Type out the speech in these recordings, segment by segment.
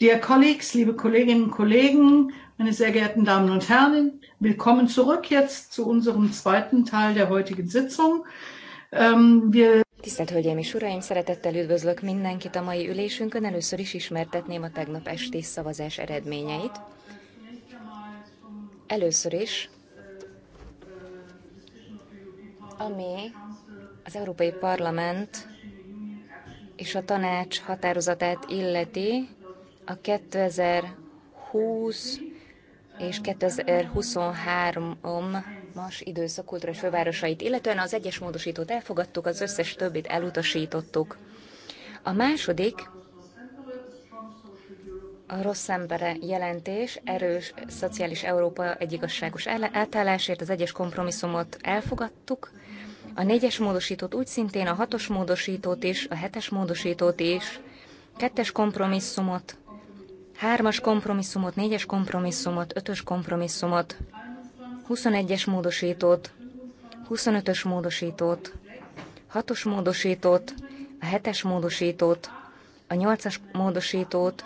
Dear Colleagues, liebe Kolleginnen und Kollegen, meine sehr geehrten Damen und Herren, willkommen zurück jetzt zu unserem zweiten Teil der heutigen Sitzung. Ähm, wir Tisztelt Hölgyeim és Uraim, szeretettel üdvözlök mindenkit a mai ülésünkön. Először is ismertetném a tegnap esti szavazás eredményeit. Először is, ami az Európai Parlament és a tanács határozatát illeti, a 2020 és 2023 más időszak kultúra fővárosait, illetően az egyes módosítót elfogadtuk, az összes többit elutasítottuk. A második a rossz embere jelentés, erős szociális Európa egyigazságos átállásért, az egyes kompromisszumot elfogadtuk, a négyes módosítót úgy szintén, a hatos módosítót is, a hetes módosítót is, kettes kompromisszumot, hármas kompromisszumot, négyes kompromisszumot, ötös kompromisszumot, 21-es módosítót, 25-ös módosítót, 6-os módosítót, a 7-es módosítót, a 8-as módosítót,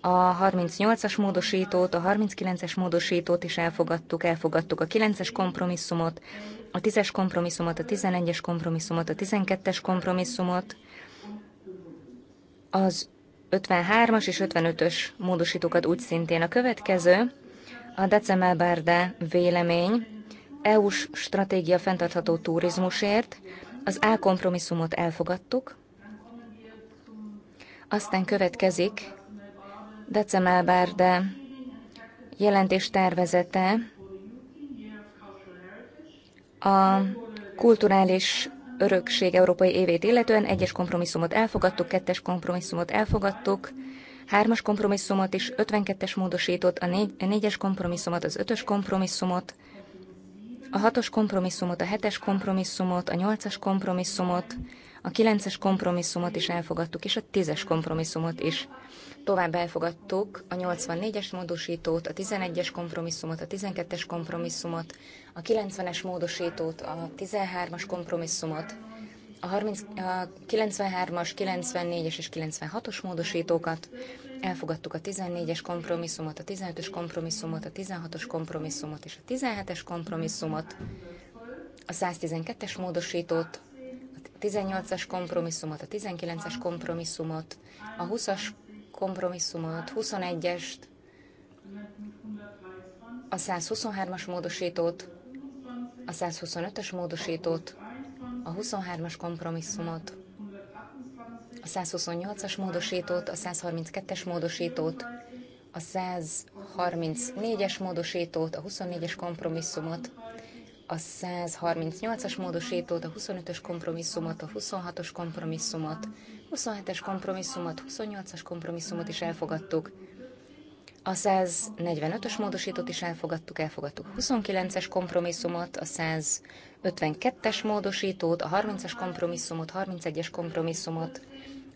a 38-as módosítót, a 39-es módosítót is elfogadtuk, elfogadtuk a 9-es kompromisszumot, a 10-es kompromisszumot, a 11-es kompromisszumot, a 12-es kompromisszumot, az 53-as és 55-ös módosítókat úgy szintén. A következő a Decemel vélemény EU-s stratégia fenntartható turizmusért. Az A kompromisszumot elfogadtuk. Aztán következik Decemel jelentés tervezete a kulturális örökség európai évét illetően egyes kompromisszumot elfogadtuk, kettes kompromisszumot elfogadtuk, hármas kompromisszumot is, 52-es módosított, a, négy, a négyes kompromisszumot, az ötös kompromisszumot, a hatos kompromisszumot, a hetes kompromisszumot, a nyolcas kompromisszumot, a kilences kompromisszumot is elfogadtuk, és a tízes kompromisszumot is. Tovább elfogadtuk a 84-es módosítót, a 11-es kompromisszumot, a 12-es kompromisszumot, a 90-es módosítót, a 13-as kompromisszumot, a, 30, a 93-as, 94-es és 96-os módosítókat, elfogadtuk a 14-es kompromisszumot, a 15-ös kompromisszumot, a 16-os kompromisszumot és a 17-es kompromisszumot, a 112-es módosítót, a 18-as kompromisszumot, a 19-es kompromisszumot, a 20-as kompromisszumot, 21-est, a 123-as módosítót, a 125-ös módosítót, a 23-as kompromisszumot, a 128-as módosítót, a 132-es módosítót, a 134-es módosítót, a 24-es kompromisszumot, a 138-as módosítót, a 25-ös kompromisszumot, a 26-os kompromisszumot, 27-es kompromisszumot, 28-as kompromisszumot is elfogadtuk. A 145-ös módosítót is elfogadtuk, elfogadtuk a 29-es kompromisszumot, a 152-es módosítót, a 30-as kompromisszumot, 31-es kompromisszumot,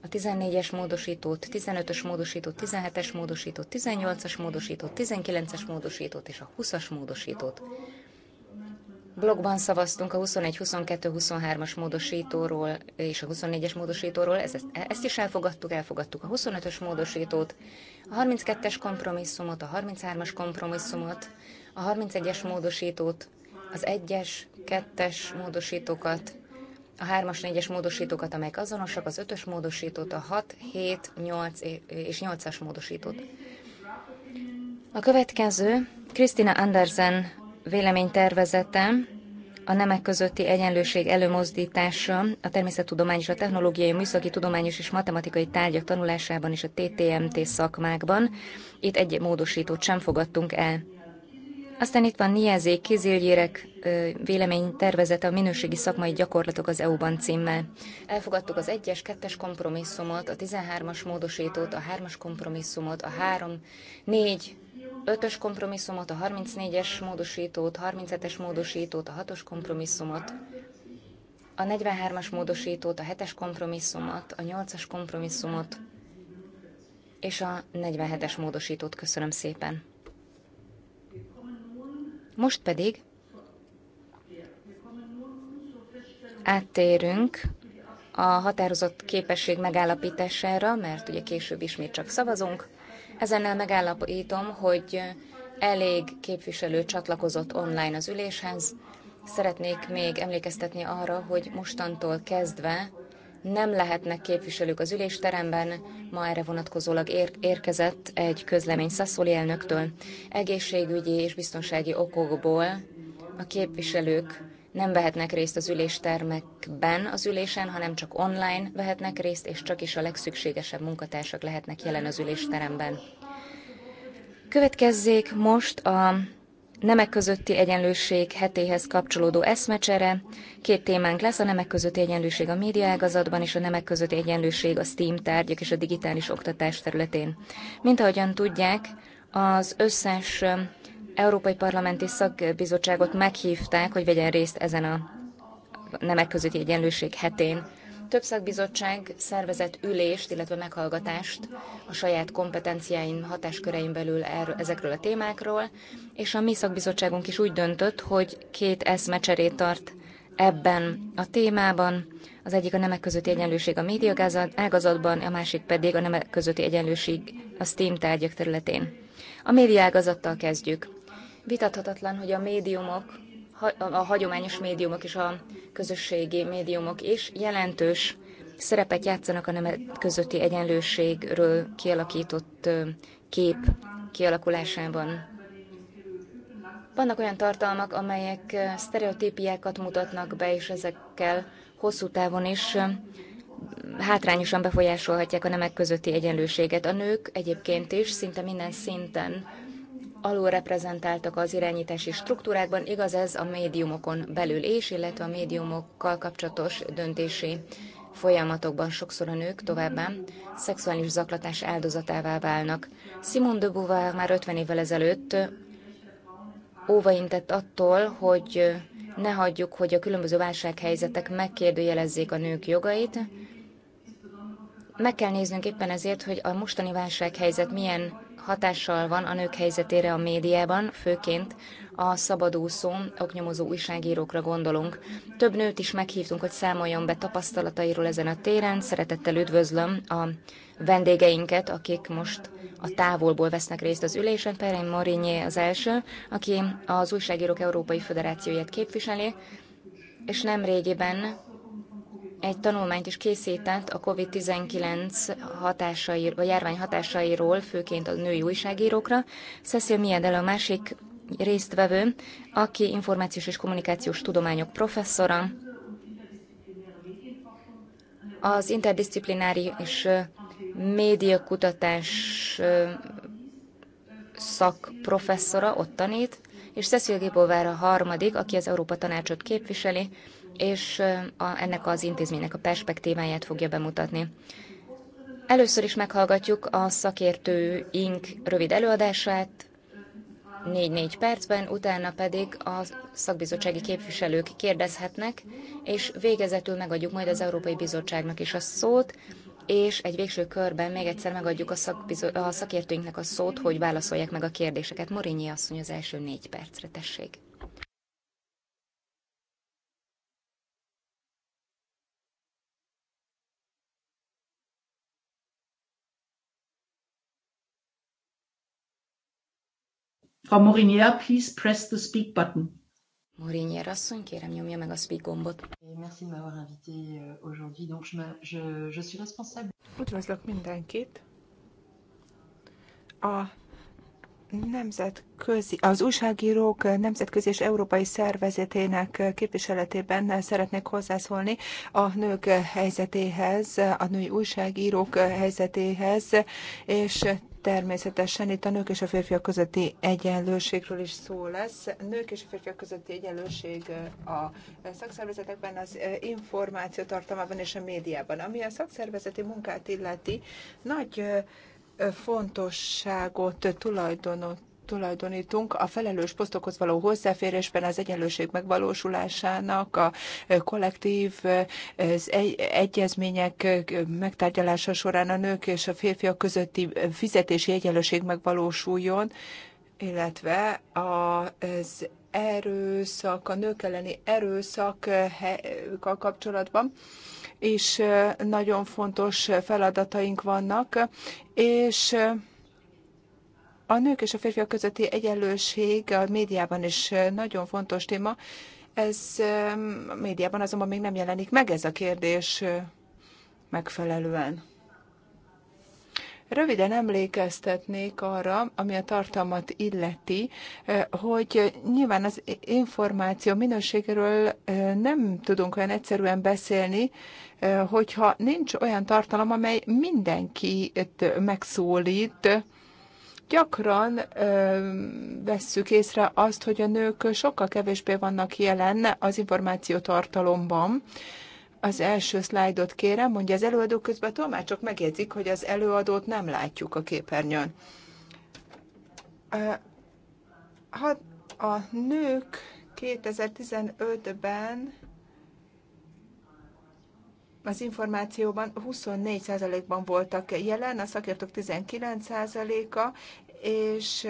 a 14-es módosítót, 15-ös módosítót, 17-es módosítót, 18-as módosítót, 19-es módosítót és a 20-as módosítót. Blogban szavaztunk a 21-22-23-as módosítóról és a 24-es módosítóról, ezt, ezt is elfogadtuk, elfogadtuk a 25-ös módosítót, a 32-es kompromisszumot, a 33-as kompromisszumot, a 31-es módosítót, az 1-es, 2-es módosítókat, a 3-as, 4-es módosítókat, amelyek azonosak, az 5-ös módosítót, a 6, 7, 8 és 8-as módosítót. A következő Kristina Andersen Véleménytervezetem a nemek közötti egyenlőség előmozdítása a természettudomány és a technológiai, műszaki, tudományos és matematikai tárgyak tanulásában és a TTMT szakmákban. Itt egy módosítót sem fogadtunk el. Aztán itt van Niezé Kizilgyérek véleménytervezete a minőségi szakmai gyakorlatok az EU-ban címmel. Elfogadtuk az 1-es, 2-es kompromisszumot, a 13-as módosítót, a 3-as kompromisszumot, a 3, 4, 5-ös kompromisszumot, a 34-es módosítót, 37-es módosítót, a 6-os kompromisszumot, a 43-as módosítót, a 7-es kompromisszumot, a 8-as kompromisszumot és a 47-es módosítót köszönöm szépen. Most pedig áttérünk a határozott képesség megállapítására, mert ugye később ismét csak szavazunk. Ezennel megállapítom, hogy elég képviselő csatlakozott online az üléshez. Szeretnék még emlékeztetni arra, hogy mostantól kezdve nem lehetnek képviselők az ülésteremben, ma erre vonatkozólag ér- érkezett egy közlemény Szaszoli elnöktől. Egészségügyi és biztonsági okokból a képviselők nem vehetnek részt az üléstermekben az ülésen, hanem csak online vehetnek részt, és csak is a legszükségesebb munkatársak lehetnek jelen az ülésteremben. Következzék most a nemek közötti egyenlőség hetéhez kapcsolódó eszmecsere. Két témánk lesz, a nemek közötti egyenlőség a médiaágazatban és a nemek közötti egyenlőség a STEAM tárgyak és a digitális oktatás területén. Mint ahogyan tudják, az összes Európai Parlamenti Szakbizottságot meghívták, hogy vegyen részt ezen a nemek közötti egyenlőség hetén. Több szakbizottság szervezett ülést, illetve meghallgatást a saját kompetenciáin, hatáskörein belül erről, ezekről a témákról, és a mi szakbizottságunk is úgy döntött, hogy két eszmecserét tart ebben a témában. Az egyik a nemek közötti egyenlőség a média ágazatban, a másik pedig a nemek közötti egyenlőség a STEAM tárgyak területén. A média ágazattal kezdjük. Vitathatatlan, hogy a médiumok, a hagyományos médiumok és a közösségi médiumok is jelentős szerepet játszanak a nemek közötti egyenlőségről kialakított kép kialakulásában. Vannak olyan tartalmak, amelyek sztereotípiákat mutatnak be, és ezekkel hosszú távon is hátrányosan befolyásolhatják a nemek közötti egyenlőséget. A nők egyébként is szinte minden szinten alulreprezentáltak az irányítási struktúrákban, igaz ez a médiumokon belül és, illetve a médiumokkal kapcsolatos döntési folyamatokban sokszor a nők továbbá szexuális zaklatás áldozatává válnak. Simone de Beauvoir már 50 évvel ezelőtt óvaintett attól, hogy ne hagyjuk, hogy a különböző válsághelyzetek megkérdőjelezzék a nők jogait. Meg kell néznünk éppen ezért, hogy a mostani válsághelyzet milyen hatással van a nők helyzetére a médiában, főként a szabadúszó, oknyomozó újságírókra gondolunk. Több nőt is meghívtunk, hogy számoljon be tapasztalatairól ezen a téren. Szeretettel üdvözlöm a vendégeinket, akik most a távolból vesznek részt az ülésen. Perén Marinyé az első, aki az Újságírók Európai Föderációját képviseli, és nem régiben egy tanulmányt is készített a COVID-19 hatásai, a járvány hatásairól, főként a női újságírókra. Cecil Miedel a másik résztvevő, aki információs és kommunikációs tudományok professzora, az interdisziplinári és médiakutatás szakprofesszora ott tanít, és Cecil Gibovár a harmadik, aki az Európa Tanácsot képviseli, és a, ennek az intézménynek a perspektíváját fogja bemutatni. Először is meghallgatjuk a szakértőink rövid előadását, 4-4 percben, utána pedig a szakbizottsági képviselők kérdezhetnek, és végezetül megadjuk majd az Európai Bizottságnak is a szót, és egy végső körben még egyszer megadjuk a, a szakértőinknek a szót, hogy válaszolják meg a kérdéseket. Morinyi asszony az első négy percre, tessék. Frau Morinier, please press the speak button. Morinier asszony, kérem nyomja meg a speak gombot. Merci de m'avoir invité euh, aujourd'hui. Donc je, je, je suis responsable. Üdvözlök mindenkit. A nemzetközi, az újságírók nemzetközi és európai szervezetének képviseletében szeretnék hozzászólni a nők helyzetéhez, a női újságírók helyzetéhez, és Természetesen itt a nők és a férfiak közötti egyenlőségről is szó lesz. Nők és a férfiak közötti egyenlőség eh, a szakszervezetekben, az eh, információ tartalmában és a médiában. Ami a szakszervezeti munkát illeti, nagy eh, fontosságot tulajdonot tulajdonítunk a felelős posztokhoz való hozzáférésben az egyenlőség megvalósulásának, a kollektív az egy, egyezmények megtárgyalása során a nők és a férfiak közötti fizetési egyenlőség megvalósuljon, illetve az erőszak, a nők elleni erőszakkal kapcsolatban és nagyon fontos feladataink vannak, és a nők és a férfiak közötti egyenlőség a médiában is nagyon fontos téma. Ez a médiában azonban még nem jelenik meg ez a kérdés megfelelően. Röviden emlékeztetnék arra, ami a tartalmat illeti, hogy nyilván az információ minőségéről nem tudunk olyan egyszerűen beszélni, hogyha nincs olyan tartalom, amely mindenkit megszólít, gyakran ö, vesszük észre azt, hogy a nők sokkal kevésbé vannak jelen az információtartalomban. Az első szlájdot kérem, mondja az előadó közben, a csak megjegyzik, hogy az előadót nem látjuk a képernyőn. Ha a nők 2015-ben az információban 24%-ban voltak jelen, a szakértők 19%-a, és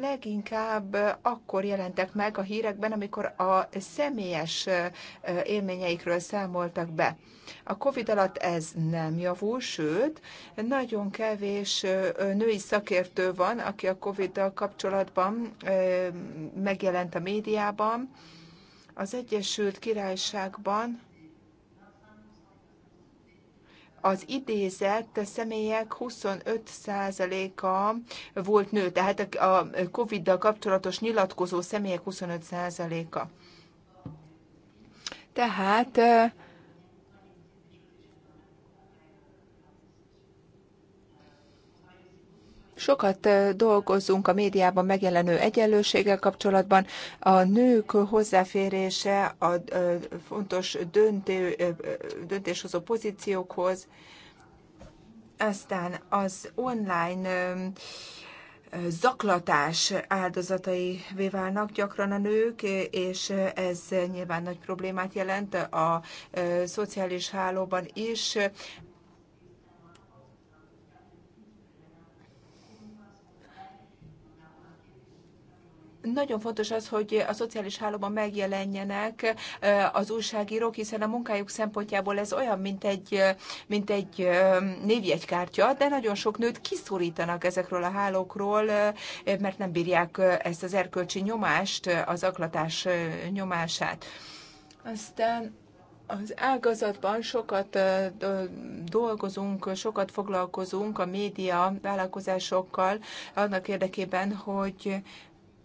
leginkább akkor jelentek meg a hírekben, amikor a személyes élményeikről számoltak be. A COVID alatt ez nem javul, sőt, nagyon kevés női szakértő van, aki a COVID-dal kapcsolatban megjelent a médiában, az Egyesült Királyságban az idézett személyek 25%-a volt nő, tehát a COVID-dal kapcsolatos nyilatkozó személyek 25%-a. Tehát Sokat dolgozunk a médiában megjelenő egyenlőséggel kapcsolatban. A nők hozzáférése a fontos döntő, döntéshozó pozíciókhoz, aztán az online zaklatás áldozatai válnak gyakran a nők, és ez nyilván nagy problémát jelent a szociális hálóban is. Nagyon fontos az, hogy a szociális hálóban megjelenjenek az újságírók, hiszen a munkájuk szempontjából ez olyan, mint egy, mint egy névjegykártya, de nagyon sok nőt kiszorítanak ezekről a hálókról, mert nem bírják ezt az erkölcsi nyomást, az aklatás nyomását. Aztán az ágazatban sokat dolgozunk, sokat foglalkozunk a média vállalkozásokkal annak érdekében, hogy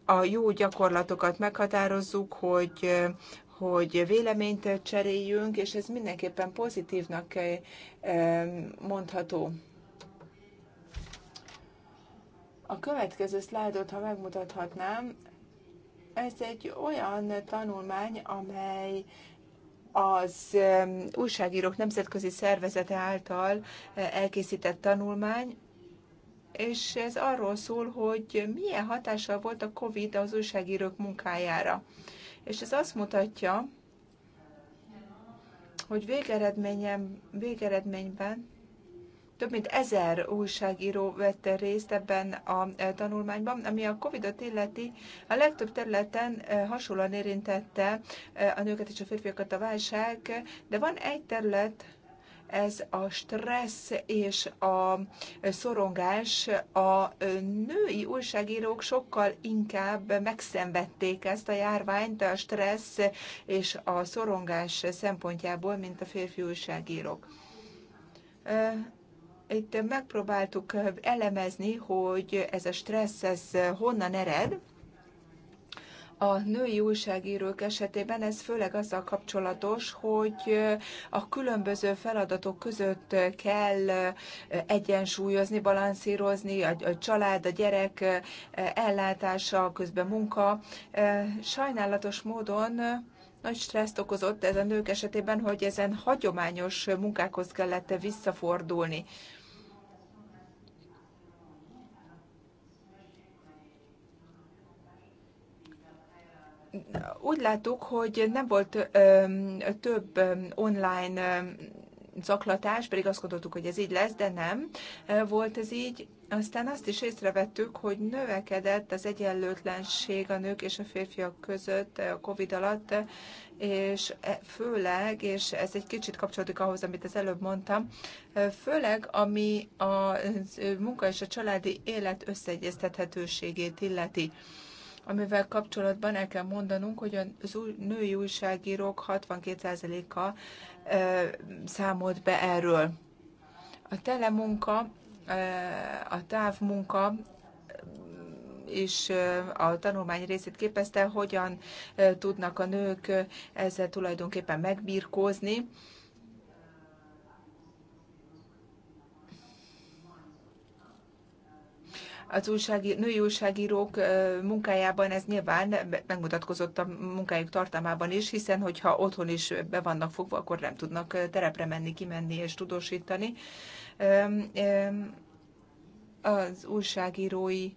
a jó gyakorlatokat meghatározzuk, hogy hogy véleményt cseréljünk, és ez mindenképpen pozitívnak eh, mondható. A következő szlájdot, ha megmutathatnám, ez egy olyan tanulmány, amely az újságírók nemzetközi szervezete által eh, elkészített tanulmány, és ez arról szól, hogy milyen hatással volt a COVID az újságírók munkájára. És ez azt mutatja, hogy végeredményen, végeredményben több mint ezer újságíró vette részt ebben a e, tanulmányban, ami a COVID-ot illeti a legtöbb területen e, hasonlóan érintette e, a nőket és a férfiakat a válság, de van egy terület, ez a stressz és a szorongás a női újságírók sokkal inkább megszenvedték ezt a járványt a stressz és a szorongás szempontjából, mint a férfi újságírók itt megpróbáltuk elemezni, hogy ez a stressz ez honnan ered, a női újságírók esetében ez főleg azzal kapcsolatos, hogy a különböző feladatok között kell egyensúlyozni, balanszírozni, a család, a gyerek ellátása, közben munka. Sajnálatos módon nagy stresszt okozott ez a nők esetében, hogy ezen hagyományos munkákhoz kellett visszafordulni. úgy láttuk, hogy nem volt több online zaklatás, pedig azt gondoltuk, hogy ez így lesz, de nem volt ez így. Aztán azt is észrevettük, hogy növekedett az egyenlőtlenség a nők és a férfiak között a COVID alatt, és e, főleg, és ez egy kicsit kapcsolódik ahhoz, amit az előbb mondtam, főleg ami a munka és a családi élet összeegyeztethetőségét illeti amivel kapcsolatban el kell mondanunk, hogy az új, női újságírók 62%-a számolt be erről. A telemunka, a távmunka és a tanulmány részét képezte, hogyan tudnak a nők ezzel tulajdonképpen megbírkózni. az újsági, női újságírók munkájában ez nyilván megmutatkozott a munkájuk tartalmában is, hiszen hogyha otthon is be vannak fogva, akkor nem tudnak terepre menni, kimenni és tudósítani. Az újságírói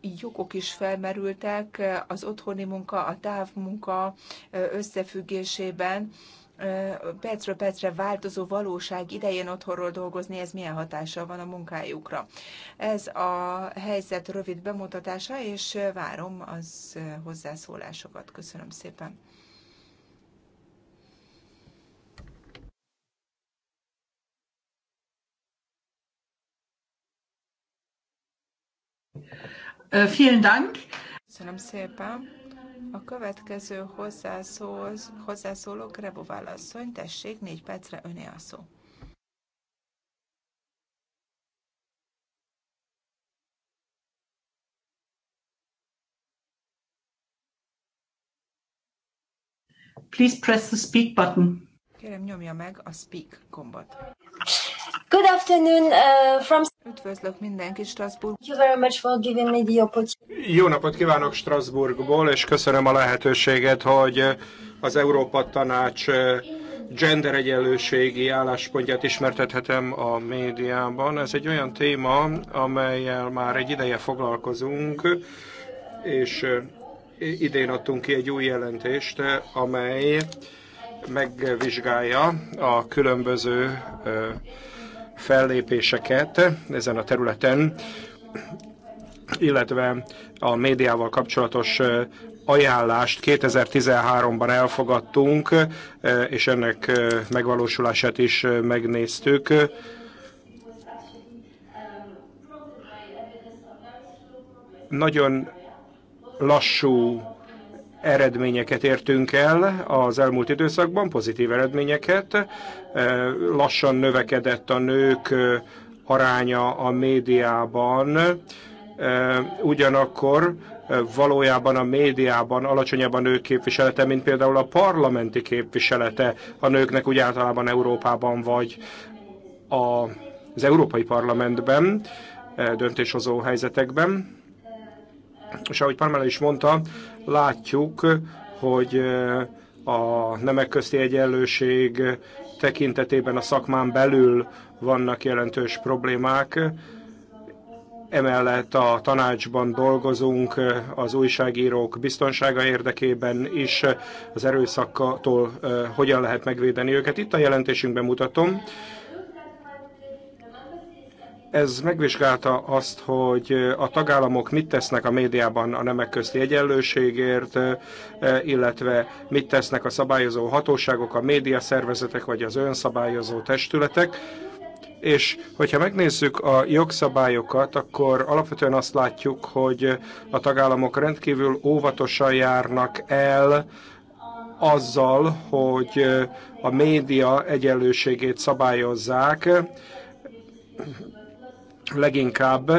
jogok is felmerültek az otthoni munka, a távmunka összefüggésében percről percre változó valóság idején otthonról dolgozni, ez milyen hatással van a munkájukra. Ez a helyzet rövid bemutatása, és várom az hozzászólásokat. Köszönöm szépen. Vielen Dank. Köszönöm szépen. A következő hozzászól, hozzászóló asszony, tessék, négy percre öné a szó. Please press the speak button. Kérem, nyomja meg a speak gombot. Good afternoon uh, from... Üdvözlök mindenki Strasbourg. Thank you very much for giving me the opportunity. Jó napot kívánok Strasbourgból, és köszönöm a lehetőséget, hogy uh, az Európa Tanács uh, gender egyenlőségi álláspontját ismertethetem a médiában. Ez egy olyan téma, amelyel már egy ideje foglalkozunk, és uh, idén adtunk ki egy új jelentést, amely megvizsgálja a különböző fellépéseket ezen a területen, illetve a médiával kapcsolatos ajánlást 2013-ban elfogadtunk, és ennek megvalósulását is megnéztük. Nagyon lassú eredményeket értünk el az elmúlt időszakban, pozitív eredményeket. E, lassan növekedett a nők e, aránya a médiában, e, ugyanakkor valójában a médiában alacsonyabb a nők képviselete, mint például a parlamenti képviselete a nőknek úgy általában Európában vagy az Európai Parlamentben, döntéshozó helyzetekben. És ahogy Parmela is mondta, látjuk, hogy eh, a nemek közti egyenlőség tekintetében a szakmán belül vannak jelentős problémák. Emellett a tanácsban dolgozunk eh, az újságírók biztonsága érdekében is eh, az erőszaktól hogyan lehet megvédeni őket. Itt a jelentésünkben mutatom, ez megvizsgálta azt, hogy a tagállamok mit tesznek a médiában a nemek közti egyenlőségért, illetve mit tesznek a szabályozó hatóságok, a médiaszervezetek vagy az önszabályozó testületek és hogyha megnézzük a jogszabályokat, akkor alapvetően azt látjuk, hogy a tagállamok rendkívül óvatosan járnak el azzal, hogy a média egyenlőségét szabályozzák leginkább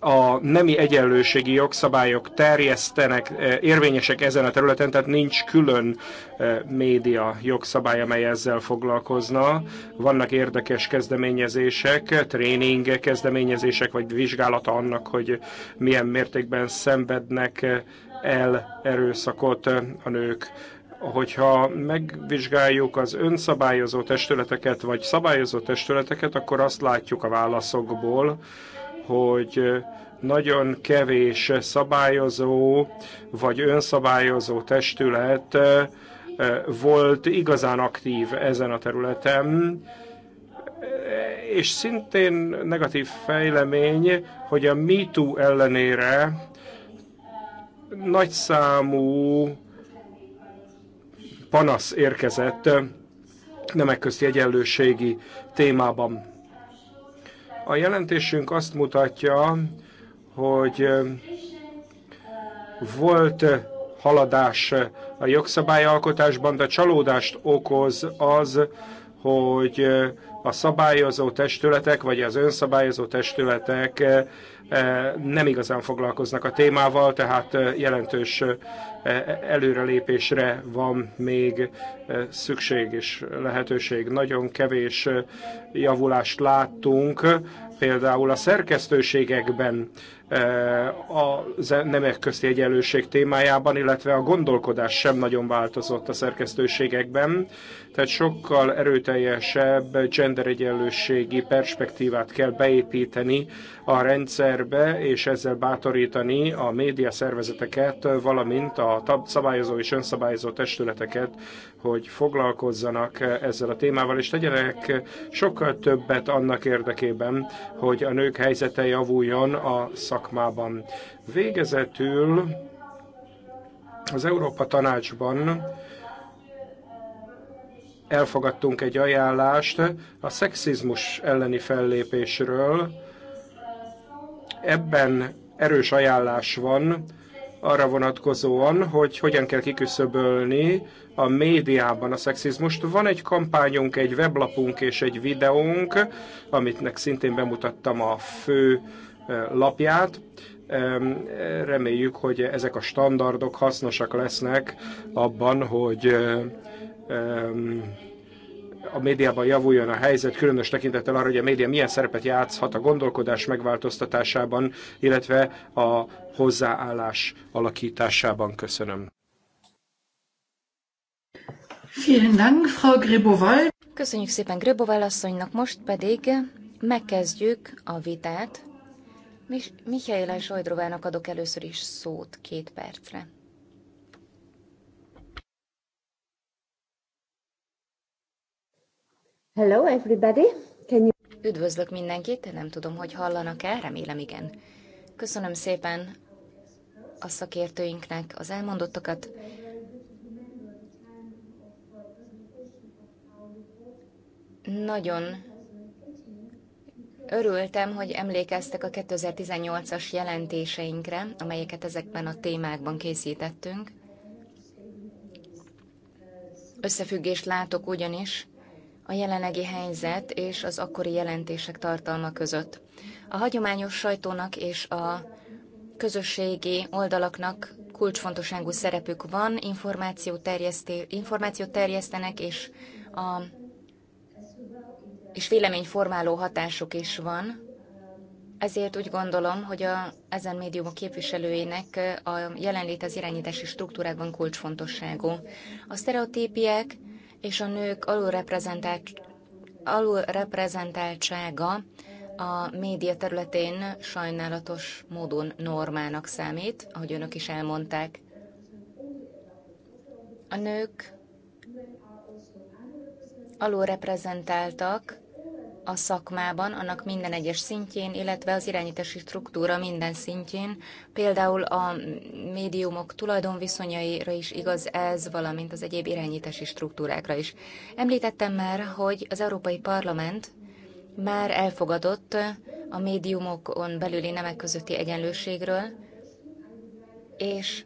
a nemi egyenlőségi jogszabályok terjesztenek, eh, érvényesek ezen a területen, tehát nincs külön eh, média jogszabály, amely ezzel foglalkozna. Vannak érdekes kezdeményezések, tréning kezdeményezések, vagy vizsgálata annak, hogy milyen mértékben szenvednek eh, el erőszakot a nők hogyha megvizsgáljuk az önszabályozó testületeket, vagy szabályozó testületeket, akkor azt látjuk a válaszokból, hogy nagyon kevés szabályozó vagy önszabályozó testület eh, volt igazán aktív ezen a területen, és szintén negatív fejlemény, hogy a MeToo ellenére nagyszámú panasz érkezett nemek közti egyenlőségi témában. A jelentésünk azt mutatja, hogy volt haladás a jogszabályalkotásban, de csalódást okoz az, hogy a szabályozó testületek, vagy az önszabályozó testületek eh, eh, nem igazán foglalkoznak a témával, tehát eh, jelentős előrelépésre van még szükség és lehetőség. Nagyon kevés javulást láttunk, például a szerkesztőségekben a nemek közti egyenlőség témájában, illetve a gondolkodás sem nagyon változott a szerkesztőségekben. Tehát sokkal erőteljesebb genderegyenlősségi perspektívát kell beépíteni a rendszerbe, és ezzel bátorítani a média szervezeteket, valamint a szabályozó és önszabályozó testületeket, hogy foglalkozzanak ezzel a témával, és tegyenek sokkal többet annak érdekében, hogy a nők helyzete javuljon a szakmában. Végezetül az Európa Tanácsban elfogadtunk egy ajánlást a szexizmus elleni fellépésről. Ebben erős ajánlás van arra vonatkozóan, hogy hogyan kell kiküszöbölni a médiában a szexizmust. Van egy kampányunk, egy weblapunk és egy videónk, amitnek szintén bemutattam a fő lapját. Reméljük, hogy ezek a standardok hasznosak lesznek abban, hogy a médiában javuljon a helyzet, különös tekintettel arra, hogy a média milyen szerepet játszhat a gondolkodás megváltoztatásában, illetve a hozzáállás alakításában. Köszönöm. Vielen Dank, Frau Köszönjük szépen Greboval asszonynak, most pedig megkezdjük a vitát. Mihály Sojdrovának adok először is szót két percre. Hello everybody! Can you... Üdvözlök mindenkit, nem tudom, hogy hallanak-e, remélem igen. Köszönöm szépen a szakértőinknek az elmondottakat. Nagyon örültem, hogy emlékeztek a 2018-as jelentéseinkre, amelyeket ezekben a témákban készítettünk. Összefüggést látok ugyanis a jelenlegi helyzet és az akkori jelentések tartalma között. A hagyományos sajtónak és a közösségi oldalaknak kulcsfontosságú szerepük van, információt, terjeszté, információt terjesztenek, és, a, és véleményformáló hatásuk is van. Ezért úgy gondolom, hogy a, ezen médiumok képviselőinek a jelenlét az irányítási struktúrákban kulcsfontosságú. A sztereotípiek, és a nők alulreprezentált, alulreprezentáltsága a média területén sajnálatos módon normának számít, ahogy önök is elmondták. A nők alulreprezentáltak a szakmában, annak minden egyes szintjén, illetve az irányítási struktúra minden szintjén. Például a médiumok tulajdonviszonyaira is igaz ez, valamint az egyéb irányítási struktúrákra is. Említettem már, hogy az Európai Parlament már elfogadott a médiumokon belüli nemek közötti egyenlőségről, és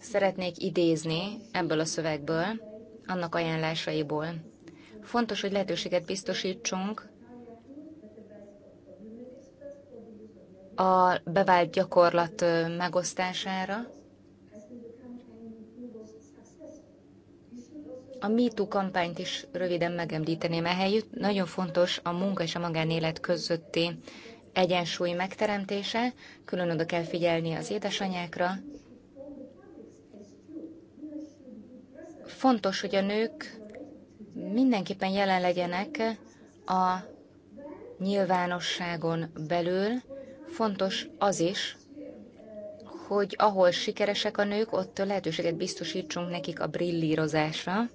szeretnék idézni ebből a szövegből, annak ajánlásaiból. Fontos, hogy lehetőséget biztosítsunk a bevált gyakorlat megosztására. A MeToo kampányt is röviden megemlíteném ehelyütt. Nagyon fontos a munka és a magánélet közötti egyensúly megteremtése, külön oda kell figyelni az édesanyákra. Fontos, hogy a nők mindenképpen jelen legyenek a nyilvánosságon belül, Fontos az is, hogy ahol sikeresek a nők, ott lehetőséget biztosítsunk nekik a brillírozásra.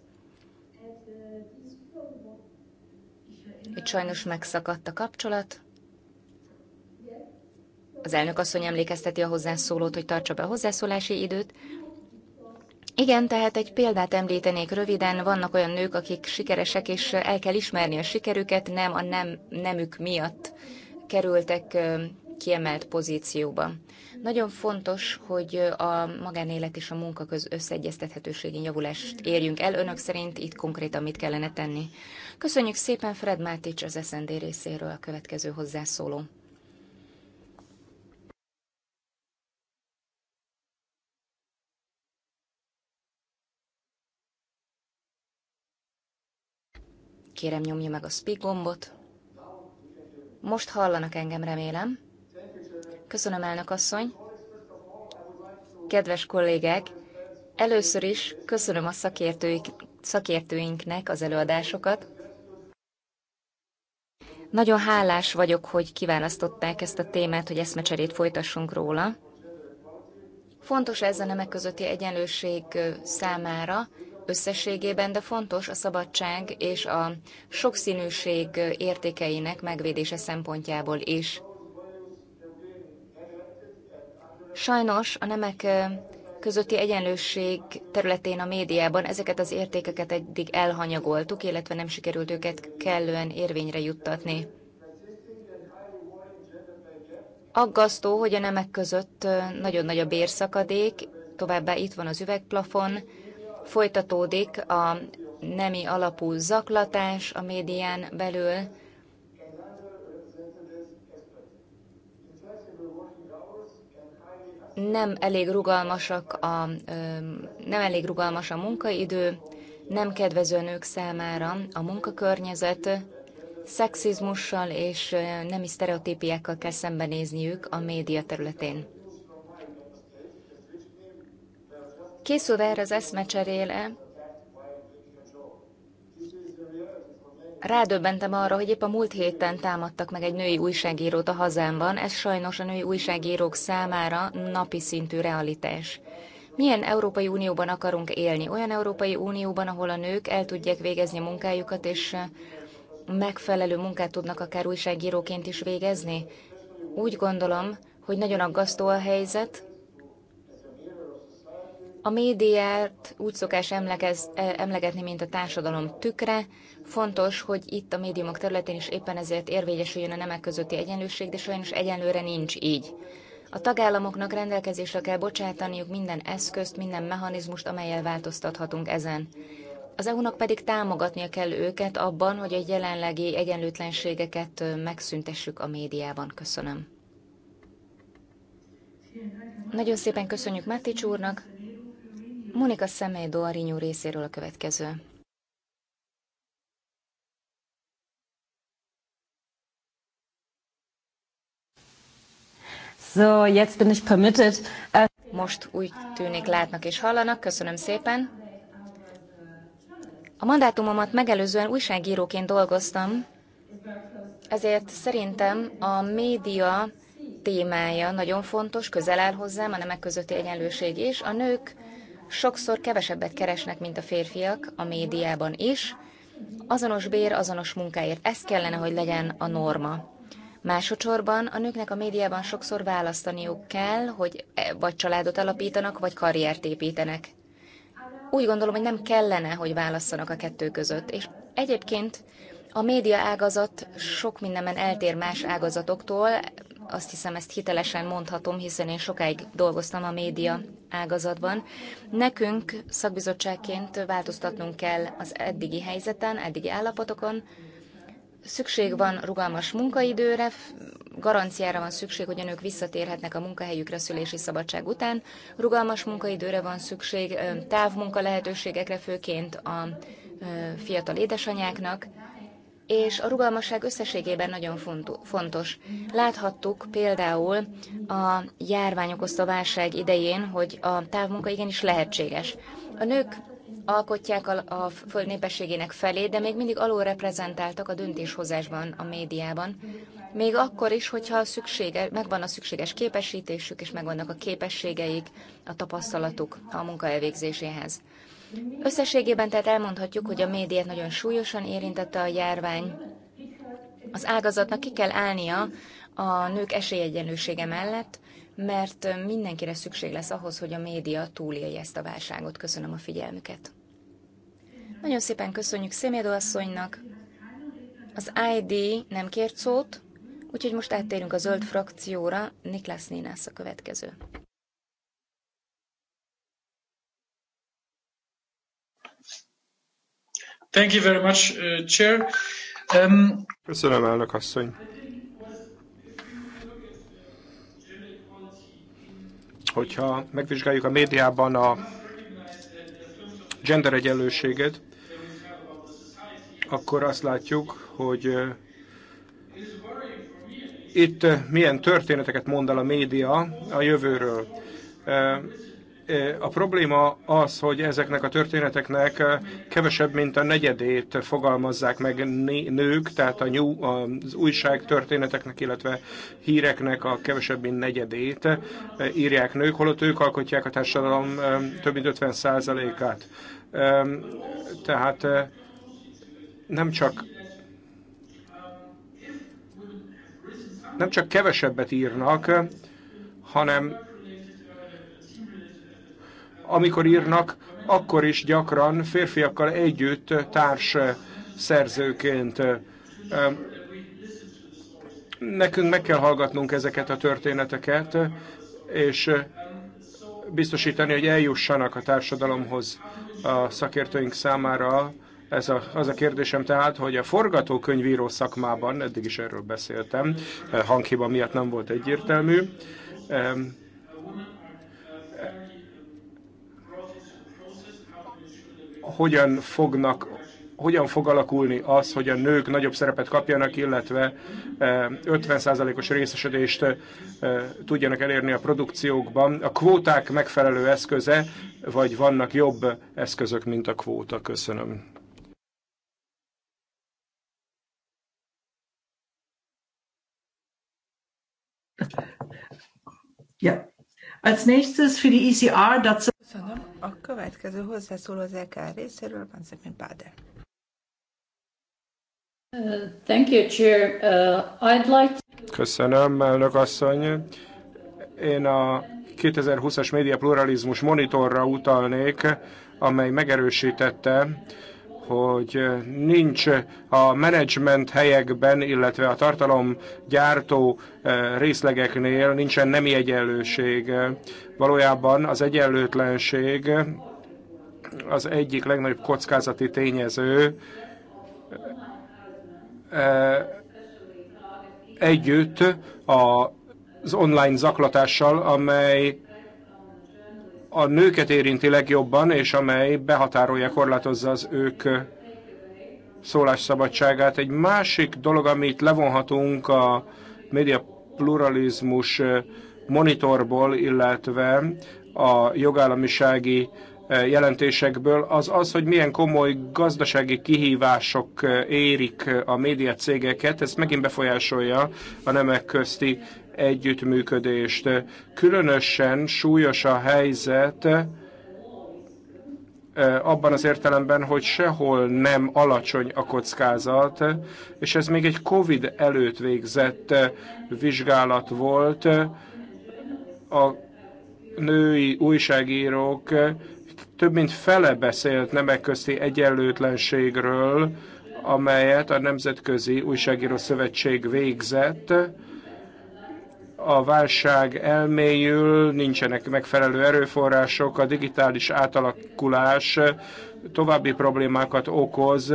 Itt sajnos megszakadt a kapcsolat. Az elnök asszony emlékezteti a hozzászólót, hogy tartsa be a hozzászólási időt. Igen, tehát egy példát említenék röviden. Vannak olyan nők, akik sikeresek, és el kell ismerni a sikerüket, nem a nem, nemük miatt kerültek kiemelt pozícióba. Nagyon fontos, hogy a magánélet és a munka köz összeegyeztethetőségi javulást érjünk el. Önök szerint itt konkrétan mit kellene tenni? Köszönjük szépen Fred Mátics az SND részéről a következő hozzászóló. Kérem nyomja meg a speak gombot. Most hallanak engem, remélem. Köszönöm, elnök asszony. Kedves kollégák, először is köszönöm a szakértőik, szakértőinknek az előadásokat. Nagyon hálás vagyok, hogy kiválasztották ezt a témát, hogy eszmecserét folytassunk róla. Fontos ez a nemek közötti egyenlőség számára, összességében, de fontos a szabadság és a sokszínűség értékeinek megvédése szempontjából is. Sajnos a nemek közötti egyenlőség területén a médiában ezeket az értékeket eddig elhanyagoltuk, illetve nem sikerült őket kellően érvényre juttatni. Aggasztó, hogy a nemek között nagyon nagy a bérszakadék, továbbá itt van az üvegplafon, folytatódik a nemi alapú zaklatás a médián belül, nem elég rugalmasak a, nem elég rugalmas a munkaidő, nem kedvező a nők számára a munkakörnyezet, szexizmussal és nemi sztereotípiákkal kell szembenézniük a média területén. Készülve erre az eszmecserére, Rádöbbentem arra, hogy épp a múlt héten támadtak meg egy női újságírót a hazámban, ez sajnos a női újságírók számára napi szintű realitás. Milyen Európai Unióban akarunk élni? Olyan Európai Unióban, ahol a nők el tudják végezni munkájukat, és megfelelő munkát tudnak akár újságíróként is végezni? Úgy gondolom, hogy nagyon aggasztó a helyzet, a médiát úgy szokás emlekez, e, emlegetni, mint a társadalom tükre. Fontos, hogy itt a médiumok területén is éppen ezért érvényesüljön a nemek közötti egyenlőség, de sajnos egyenlőre nincs így. A tagállamoknak rendelkezésre kell bocsátaniuk minden eszközt, minden mechanizmust, amelyel változtathatunk ezen. Az EU-nak pedig támogatnia kell őket abban, hogy a jelenlegi egyenlőtlenségeket megszüntessük a médiában. Köszönöm. Nagyon szépen köszönjük Matics úrnak. Monika személy Doarinyú részéről a következő. So, jetzt bin ich permitted. Äh, Most úgy tűnik látnak és hallanak, köszönöm szépen. A mandátumomat megelőzően újságíróként dolgoztam, ezért szerintem a média témája nagyon fontos, közel áll hozzám, a nemek közötti egyenlőség is. A nők sokszor kevesebbet keresnek, mint a férfiak a médiában is. Azonos bér, azonos munkáért. Ez kellene, hogy legyen a norma. Másodszorban a nőknek a médiában sokszor választaniuk kell, hogy e, vagy családot alapítanak, vagy karriert építenek. Úgy gondolom, hogy nem kellene, hogy válasszanak a kettő között. És egyébként a média ágazat sok mindenben eltér más ágazatoktól, azt hiszem ezt hitelesen mondhatom, hiszen én sokáig dolgoztam a média ágazatban. Nekünk szakbizottságként változtatnunk kell az eddigi helyzeten, eddigi állapotokon. Szükség van rugalmas munkaidőre, garanciára van szükség, hogy a nők visszatérhetnek a munkahelyükre szülési szabadság után. Rugalmas munkaidőre van szükség, távmunka lehetőségekre főként a fiatal édesanyáknak, és a rugalmasság összességében nagyon fontos. Láthattuk például a járvány okozta válság idején, hogy a távmunka igenis lehetséges. A nők alkotják a, a föld népességének felé, de még mindig alulreprezentáltak a döntéshozásban, a médiában. Még akkor is, hogyha szüksége, megvan a szükséges képesítésük, és megvannak a képességeik, a tapasztalatuk a munka elvégzéséhez. Összességében tehát elmondhatjuk, hogy a médiát nagyon súlyosan érintette a járvány. Az ágazatnak ki kell állnia a nők esélyegyenlősége mellett, mert mindenkire szükség lesz ahhoz, hogy a média túlélje ezt a válságot. Köszönöm a figyelmüket. Nagyon szépen köszönjük Szemédó asszonynak. Az ID nem kért szót, úgyhogy most áttérünk a zöld frakcióra. Niklas Nénász a következő. Thank you very much, uh, Chair. Um, Köszönöm, elnök asszony. Hogyha megvizsgáljuk a médiában a gender egyenlőséget, akkor azt látjuk, hogy uh, itt uh, milyen történeteket mond el a média a jövőről. Uh, Eh, a probléma az, hogy ezeknek a történeteknek eh, kevesebb, mint a negyedét fogalmazzák meg nők, tehát a nyú, az újság történeteknek, illetve híreknek a kevesebb, mint negyedét eh, írják nők, holott ők alkotják a társadalom több mint 50 százalékát. Tehát nem csak nem csak kevesebbet írnak, hanem amikor írnak, akkor is gyakran férfiakkal együtt társ szerzőként. Nekünk meg kell hallgatnunk ezeket a történeteket, és biztosítani, hogy eljussanak a társadalomhoz a szakértőink számára. Ez a, az a kérdésem tehát, hogy a forgatókönyvíró szakmában, eddig is erről beszéltem, eh, hanghiba miatt nem volt egyértelmű, hogyan fognak hogyan fog alakulni az, hogy a nők nagyobb szerepet kapjanak, illetve 50%-os eh, részesedést eh, tudjanak elérni a produkciókban. A kvóták megfelelő eszköze, vagy vannak jobb eszközök, mint a kvóta? Köszönöm. Ja. Als nächstes für die ICR, e dazu. Köszönöm. A következő hozzászól az EK részéről, Panzemin Páder. thank you, Chair. Uh, I'd like to... Köszönöm, elnök asszony. Én a 2020-as média pluralizmus monitorra utalnék, amely megerősítette, hogy eh, nincs eh, a menedzsment helyekben, illetve a tartalomgyártó eh, részlegeknél nincsen nemi egyenlőség. Valójában az egyenlőtlenség az egyik legnagyobb kockázati tényező együtt az online zaklatással, amely a nőket érinti legjobban, és amely behatárolja, korlátozza az ők szólásszabadságát. Egy másik dolog, amit levonhatunk a média pluralizmus monitorból, illetve a jogállamisági jelentésekből, az az, hogy milyen komoly gazdasági kihívások érik a média cégeket ez megint befolyásolja a nemek közti együttműködést. Különösen súlyos a helyzet eh, abban az értelemben, hogy sehol nem alacsony a kockázat, és ez még egy Covid előtt végzett eh, vizsgálat volt. A női újságírók eh, több mint fele beszélt nemek közti egyenlőtlenségről, amelyet a Nemzetközi Újságíró Szövetség végzett, a válság elmélyül, nincsenek megfelelő erőforrások, a digitális átalakulás további problémákat okoz,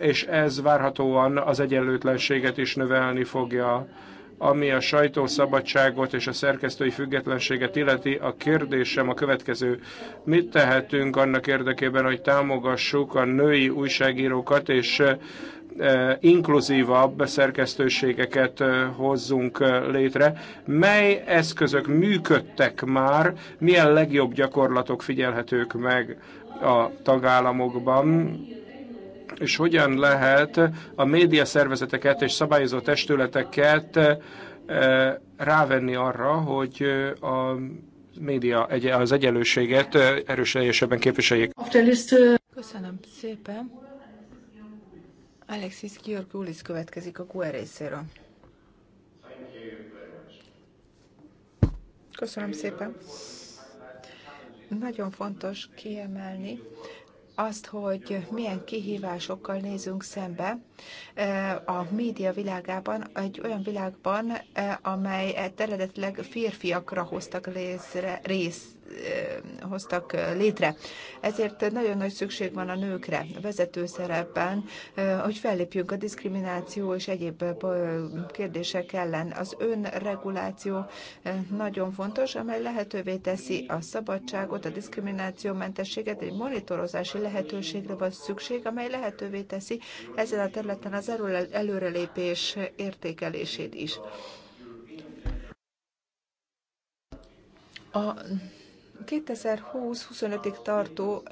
és ez várhatóan az egyenlőtlenséget is növelni fogja. Ami a sajtószabadságot és a szerkesztői függetlenséget illeti, a kérdésem a következő. Mit tehetünk annak érdekében, hogy támogassuk a női újságírókat, és Eh, inkluzívabb szerkesztőségeket eh, hozzunk eh, létre. Mely eszközök működtek már, milyen legjobb gyakorlatok figyelhetők meg a tagállamokban, és hogyan lehet a média szervezeteket és szabályozó testületeket rávenni arra, hogy a média az egyenlőséget erőteljesebben képviseljék. Köszönöm szépen. Alexis Georgulis következik a QR részéről. Köszönöm szépen. Nagyon fontos kiemelni azt, hogy milyen kihívásokkal nézünk szembe e, a média világában, egy olyan világban, e, amely eredetileg férfiakra hoztak részre, részt hoztak létre. Ezért nagyon nagy szükség van a nőkre, a vezető szerepben, hogy fellépjünk a diszkrimináció és egyéb kérdések ellen. Az önreguláció nagyon fontos, amely lehetővé teszi a szabadságot, a mentességet, egy monitorozási lehetőségre van szükség, amely lehetővé teszi ezen a területen az előrelépés értékelését is. A 2020-25-ig tartó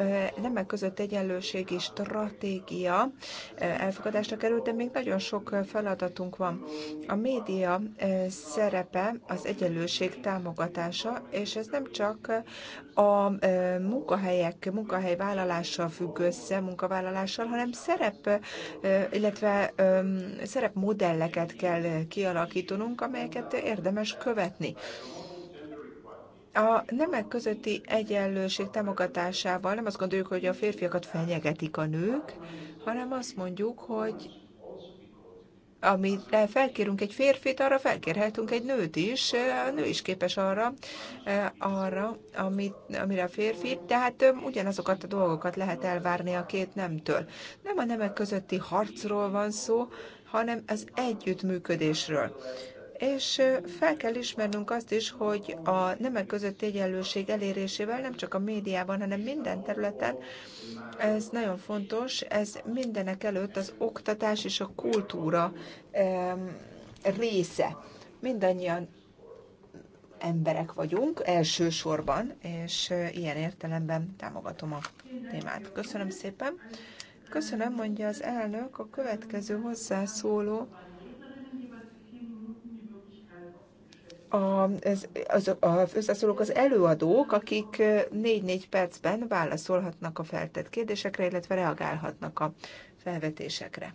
nemek között egyenlőségi stratégia elfogadásra került, de még nagyon sok feladatunk van. A média szerepe az egyenlőség támogatása, és ez nem csak a munkahelyek, munkahelyvállalással függ össze, munkavállalással, hanem szerep, illetve szerepmodelleket kell kialakítanunk, amelyeket érdemes követni. A nemek közötti egyenlőség támogatásával nem azt gondoljuk, hogy a férfiakat fenyegetik a nők, hanem azt mondjuk, hogy amit felkérünk egy férfit, arra felkérhetünk egy nőt is. A nő is képes arra, e, arra amit, amire a férfi, tehát ugyanazokat a dolgokat lehet elvárni a két nemtől. Nem a nemek közötti harcról van szó, hanem az együttműködésről. És fel kell ismernünk azt is, hogy a nemek közötti egyenlőség elérésével nem csak a médiában, hanem minden területen, ez nagyon fontos, ez mindenek előtt az oktatás és a kultúra része. Mindannyian emberek vagyunk elsősorban, és ilyen értelemben támogatom a témát. Köszönöm szépen. Köszönöm, mondja az elnök, a következő hozzászóló a, az, az, a főszeszólók az előadók, akik 4-4 percben válaszolhatnak a feltett kérdésekre, illetve reagálhatnak a felvetésekre.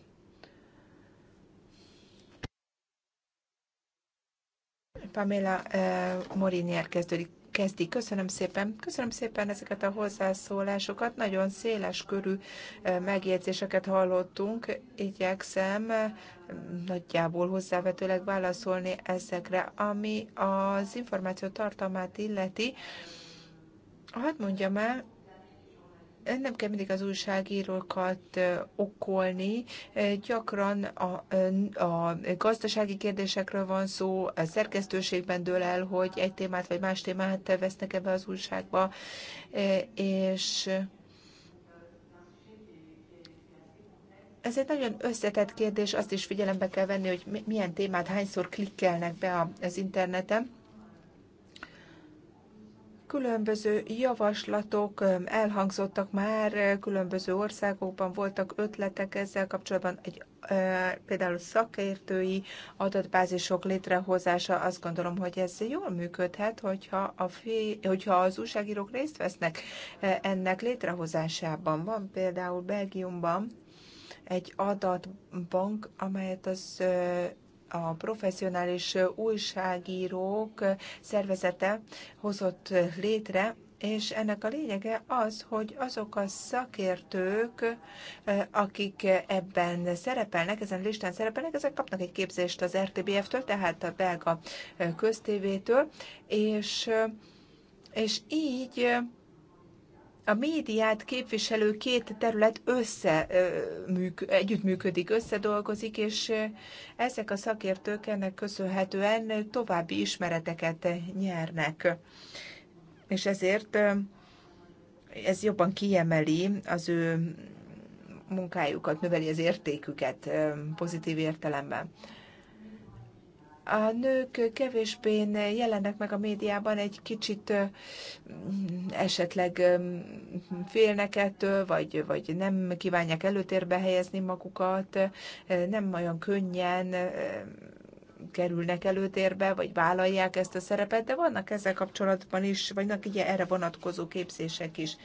Pamela Morini Morinier kezdődik kezdi. Köszönöm szépen. Köszönöm szépen ezeket a hozzászólásokat. Nagyon széles körű megjegyzéseket hallottunk. Igyekszem nagyjából hozzávetőleg válaszolni ezekre, ami az információ tartalmát illeti. Hadd mondjam el, nem kell mindig az újságírókat okolni, gyakran a, a gazdasági kérdésekről van szó, a szerkesztőségben dől el, hogy egy témát vagy más témát vesznek ebbe az újságba, és ez egy nagyon összetett kérdés, azt is figyelembe kell venni, hogy milyen témát hányszor klikkelnek be az interneten Különböző javaslatok elhangzottak már, különböző országokban voltak ötletek ezzel kapcsolatban, egy, e, például szakértői adatbázisok létrehozása, azt gondolom, hogy ez jól működhet, hogyha, a fi, hogyha az újságírók részt vesznek e, ennek létrehozásában. Van például Belgiumban egy adatbank, amelyet az e, a professzionális újságírók szervezete hozott létre, és ennek a lényege az, hogy azok a szakértők, akik ebben szerepelnek, ezen listán szerepelnek, ezek kapnak egy képzést az RTBF-től, tehát a belga köztévétől, és, és így a médiát képviselő két terület össze, műk, együttműködik, összedolgozik, és ezek a szakértők ennek köszönhetően további ismereteket nyernek. És ezért ez jobban kiemeli az ő munkájukat, növeli az értéküket pozitív értelemben a nők kevésbé jelennek meg a médiában, egy kicsit esetleg félnek ettől, vagy, vagy nem kívánják előtérbe helyezni magukat, nem olyan könnyen kerülnek előtérbe, vagy vállalják ezt a szerepet, de vannak ezzel kapcsolatban is, vagy vannak ugye erre vonatkozó képzések is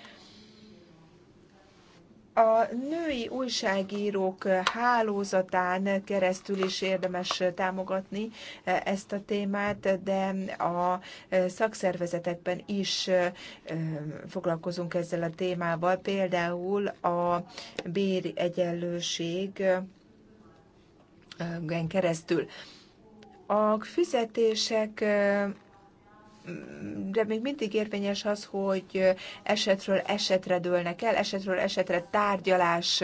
a női újságírók hálózatán keresztül is érdemes támogatni eh, ezt a témát, de a eh, szakszervezetekben is eh, foglalkozunk ezzel a témával, például a béregyenlőség keresztül. A fizetések de még mindig érvényes az, hogy esetről esetre dőlnek el, esetről esetre tárgyalás,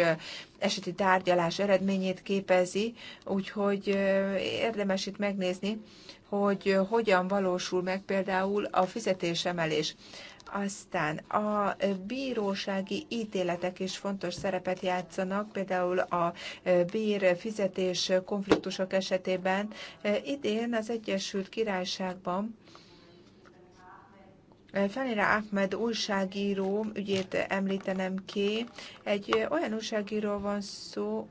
eseti tárgyalás eredményét képezi, úgyhogy eh, érdemes itt megnézni, hogy hogyan valósul meg például a fizetésemelés. Aztán a bírósági ítéletek is fontos szerepet játszanak, például a eh, bír fizetés konfliktusok esetében. Eh, idén az Egyesült Királyságban Felira Ahmed újságíró ügyét említenem ki. Egy olyan újságíró van szó,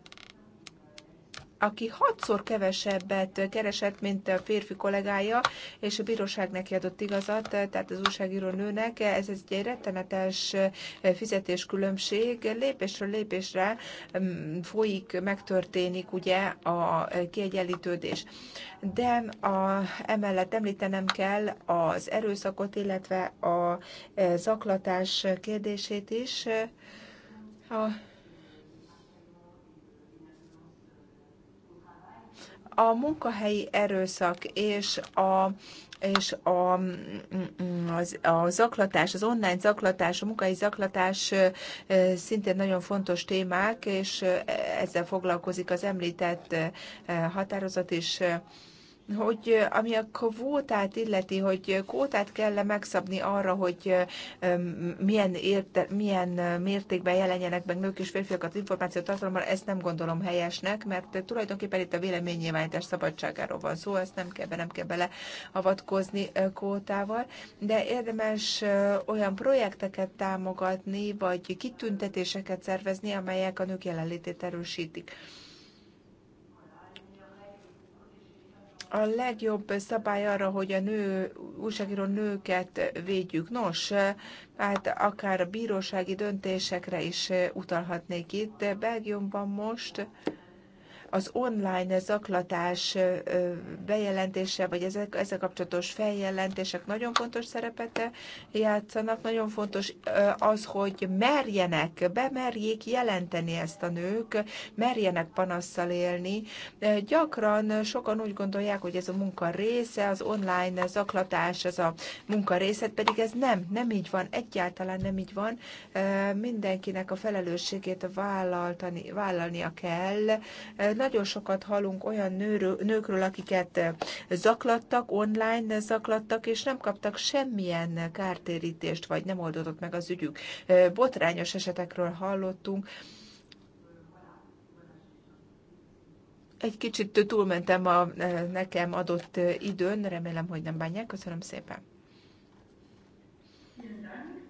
aki hatszor kevesebbet keresett, mint a férfi kollégája, és a bíróság neki adott igazat, tehát az újságíró nőnek, ez egy rettenetes fizetéskülönbség. Lépésről lépésre mm, folyik, megtörténik ugye a kiegyenlítődés. De a, emellett említenem kell az erőszakot, illetve a zaklatás kérdését is. A, A munkahelyi erőszak és a és a, az, a zaklatás, az online zaklatás, a munkai zaklatás szintén nagyon fontos témák, és ezzel foglalkozik az említett határozat is. És hogy ami a kvótát illeti, hogy kvótát kell -e megszabni arra, hogy milyen, érte, milyen mértékben jelenjenek meg nők és férfiak az információ tartalommal, ezt nem gondolom helyesnek, mert tulajdonképpen itt a véleménynyilvánítás szabadságáról van szó, ezt nem kell, nem kell bele avatkozni kvótával, de érdemes olyan projekteket támogatni, vagy kitüntetéseket szervezni, amelyek a nők jelenlétét erősítik a legjobb szabály arra, hogy a nő, újságíró nőket védjük. Nos, hát akár a bírósági döntésekre is utalhatnék itt. Belgiumban most az online zaklatás bejelentése, vagy ezek, ezek kapcsolatos feljelentések nagyon fontos szerepet játszanak. Nagyon fontos az, hogy merjenek, bemerjék jelenteni ezt a nők, merjenek panasszal élni. Gyakran sokan úgy gondolják, hogy ez a munka része, az online zaklatás, ez a munka része, pedig ez nem, nem így van, egyáltalán nem így van. Mindenkinek a felelősségét vállaltani, vállalnia kell. Nagyon nagyon sokat hallunk olyan nőről, nőkről, akiket eh, zaklattak, online zaklattak, és nem kaptak semmilyen kártérítést, vagy nem oldódott meg az ügyük. Eh, botrányos esetekről hallottunk. Egy kicsit túlmentem a eh, nekem adott időn, remélem, hogy nem bánják. Köszönöm szépen.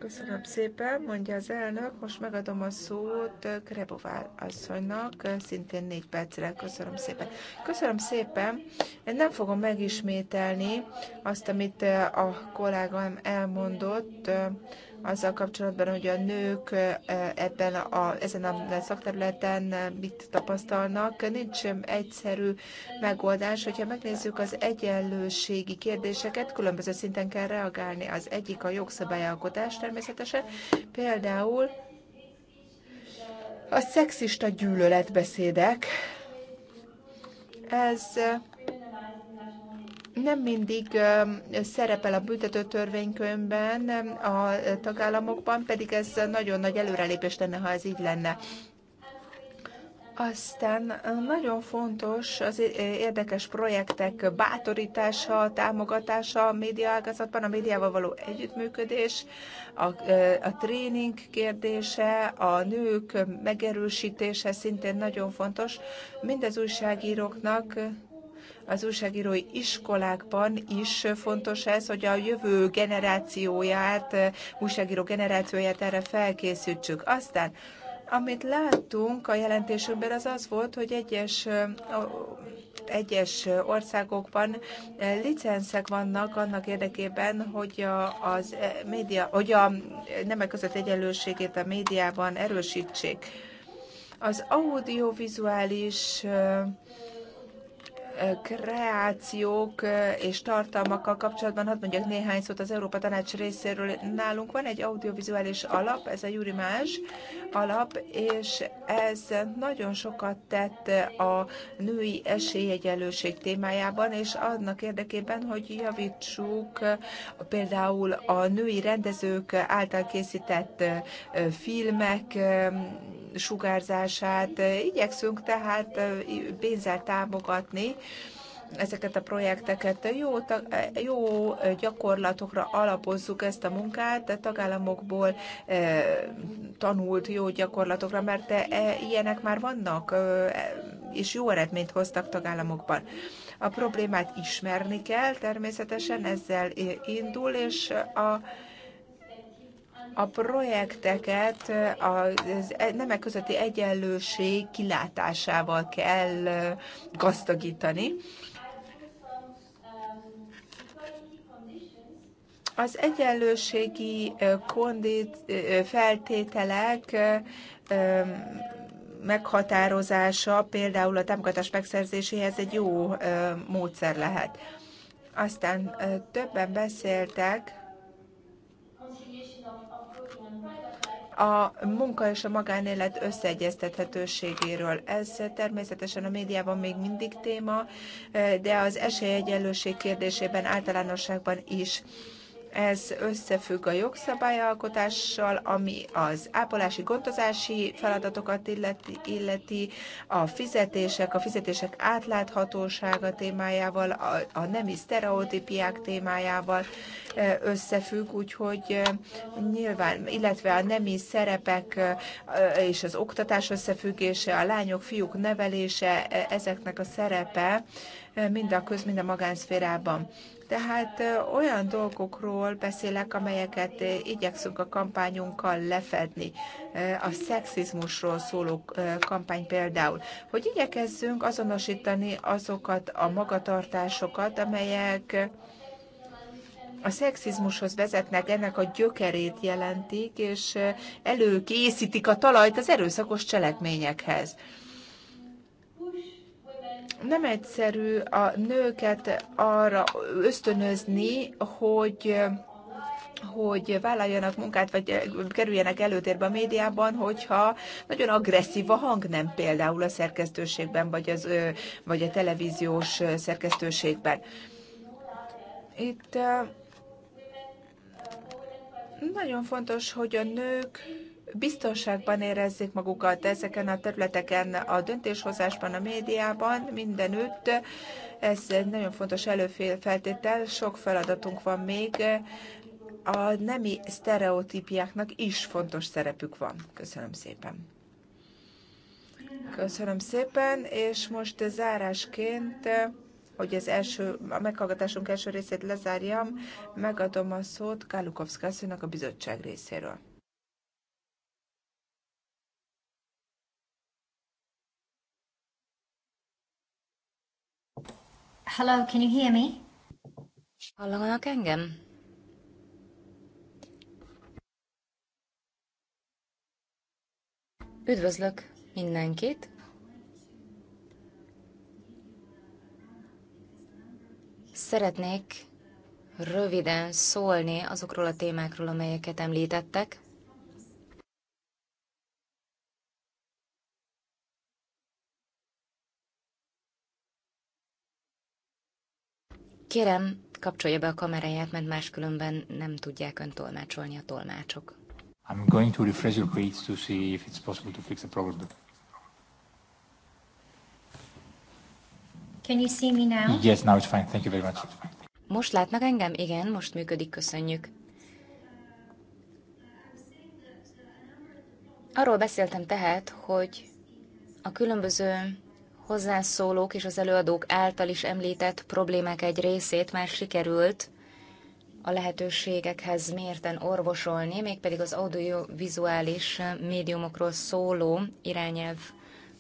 Köszönöm szépen, mondja az elnök. Most megadom a szót Krebová asszonynak, szintén négy percre. Köszönöm szépen. Köszönöm szépen. Én nem fogom megismételni azt, amit a kollégám elmondott azzal kapcsolatban, hogy a nők ebben a, ezen a szakterületen mit tapasztalnak. Nincs egyszerű megoldás, hogyha megnézzük az egyenlőségi kérdéseket, különböző szinten kell reagálni. Az egyik a jogszabályalkotás természetesen, például a szexista gyűlöletbeszédek, ez nem mindig szerepel a törvénykönyvben a tagállamokban, pedig ez nagyon nagy előrelépés lenne, ha ez így lenne. Aztán nagyon fontos az érdekes projektek bátorítása, támogatása a médiaágazatban, a médiával való együttműködés, a, a tréning kérdése, a nők megerősítése szintén nagyon fontos. Mindez újságíróknak az újságírói iskolákban is fontos ez, hogy a jövő generációját, újságíró generációját erre felkészítsük. Aztán amit láttunk a jelentésünkben, az az volt, hogy egyes, egyes országokban licenszek vannak annak érdekében, hogy a, az média, hogy a nemek között egyenlőségét a médiában erősítsék. Az audiovizuális kreációk és tartalmakkal kapcsolatban hadd mondjak néhány szót az Európa Tanács részéről. Nálunk van egy audiovizuális alap, ez a Jurimás alap, és ez nagyon sokat tett a női esélyegyenlőség témájában, és annak érdekében, hogy javítsuk például a női rendezők által készített filmek sugárzását. Igyekszünk tehát pénzzel támogatni ezeket a projekteket. Jó, jó gyakorlatokra alapozzuk ezt a munkát, a tagállamokból tanult jó gyakorlatokra, mert e, ilyenek már vannak, e, és jó eredményt hoztak tagállamokban. A problémát ismerni kell, természetesen ezzel indul, és a a projekteket a e, nemek közötti egyenlőség kilátásával kell gazdagítani. Az egyenlőségi feltételek meghatározása például a támogatás megszerzéséhez egy jó módszer lehet. Aztán többen beszéltek, a munka és a magánélet összeegyeztethetőségéről. Ez természetesen a médiában még mindig téma, de az esélyegyenlőség kérdésében általánosságban is. Ez összefügg a jogszabályalkotással, ami az ápolási, gondozási feladatokat illeti, illeti a fizetések, a fizetések átláthatósága témájával, a, a nemi sztereotípiák témájával összefügg, úgyhogy nyilván, illetve a nemi szerepek és az oktatás összefüggése, a lányok, fiúk nevelése, e, ezeknek a szerepe mind a köz, mind a magánszférában tehát olyan dolgokról beszélek, amelyeket igyekszünk a kampányunkkal lefedni. A szexizmusról szóló kampány például. Hogy igyekezzünk azonosítani azokat a magatartásokat, amelyek a szexizmushoz vezetnek, ennek a gyökerét jelentik, és előkészítik a talajt az erőszakos cselekményekhez nem egyszerű a nőket arra ösztönözni, hogy hogy vállaljanak munkát, vagy kerüljenek előtérbe a médiában, hogyha nagyon agresszív a hang, nem például a szerkesztőségben, vagy, az, vagy a televíziós szerkesztőségben. Itt nagyon fontos, hogy a nők biztonságban érezzék magukat ezeken a területeken, a döntéshozásban, a médiában, mindenütt. Ez egy nagyon fontos előfeltétel, sok feladatunk van még, a nemi sztereotípiáknak is fontos szerepük van. Köszönöm szépen. Köszönöm szépen, és most zárásként, hogy az első, a meghallgatásunk első részét lezárjam, megadom a szót Kálukovszka a bizottság részéről. Hello, can you hear me? Hallanak engem? Üdvözlök mindenkit! Szeretnék röviden szólni azokról a témákról, amelyeket említettek. Kérem, kapcsolja be a kameráját, mert máskülönben nem tudják ön tolmácsolni a tolmácsok. I'm going to refresh your page to see if it's possible to fix the problem. Can you see me now? Yes, now it's fine. Thank you very much. Most látnak engem? Igen, most működik, köszönjük. Arról beszéltem tehát, hogy a különböző hozzászólók és az előadók által is említett problémák egy részét már sikerült a lehetőségekhez mérten orvosolni, mégpedig az audiovizuális médiumokról szóló irányelv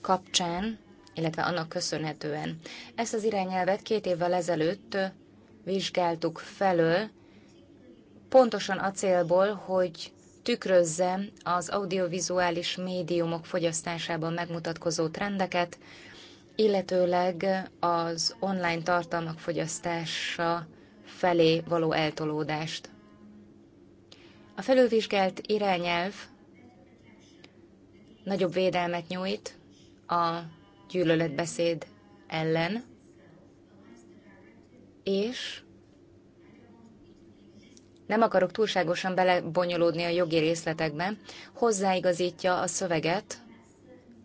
kapcsán, illetve annak köszönhetően. Ezt az irányelvet két évvel ezelőtt vizsgáltuk felől, pontosan a célból, hogy tükrözze az audiovizuális médiumok fogyasztásában megmutatkozó trendeket, illetőleg az online tartalmak fogyasztása felé való eltolódást. A felülvizsgált irányelv nagyobb védelmet nyújt a gyűlöletbeszéd ellen, és nem akarok túlságosan belebonyolódni a jogi részletekbe, hozzáigazítja a szöveget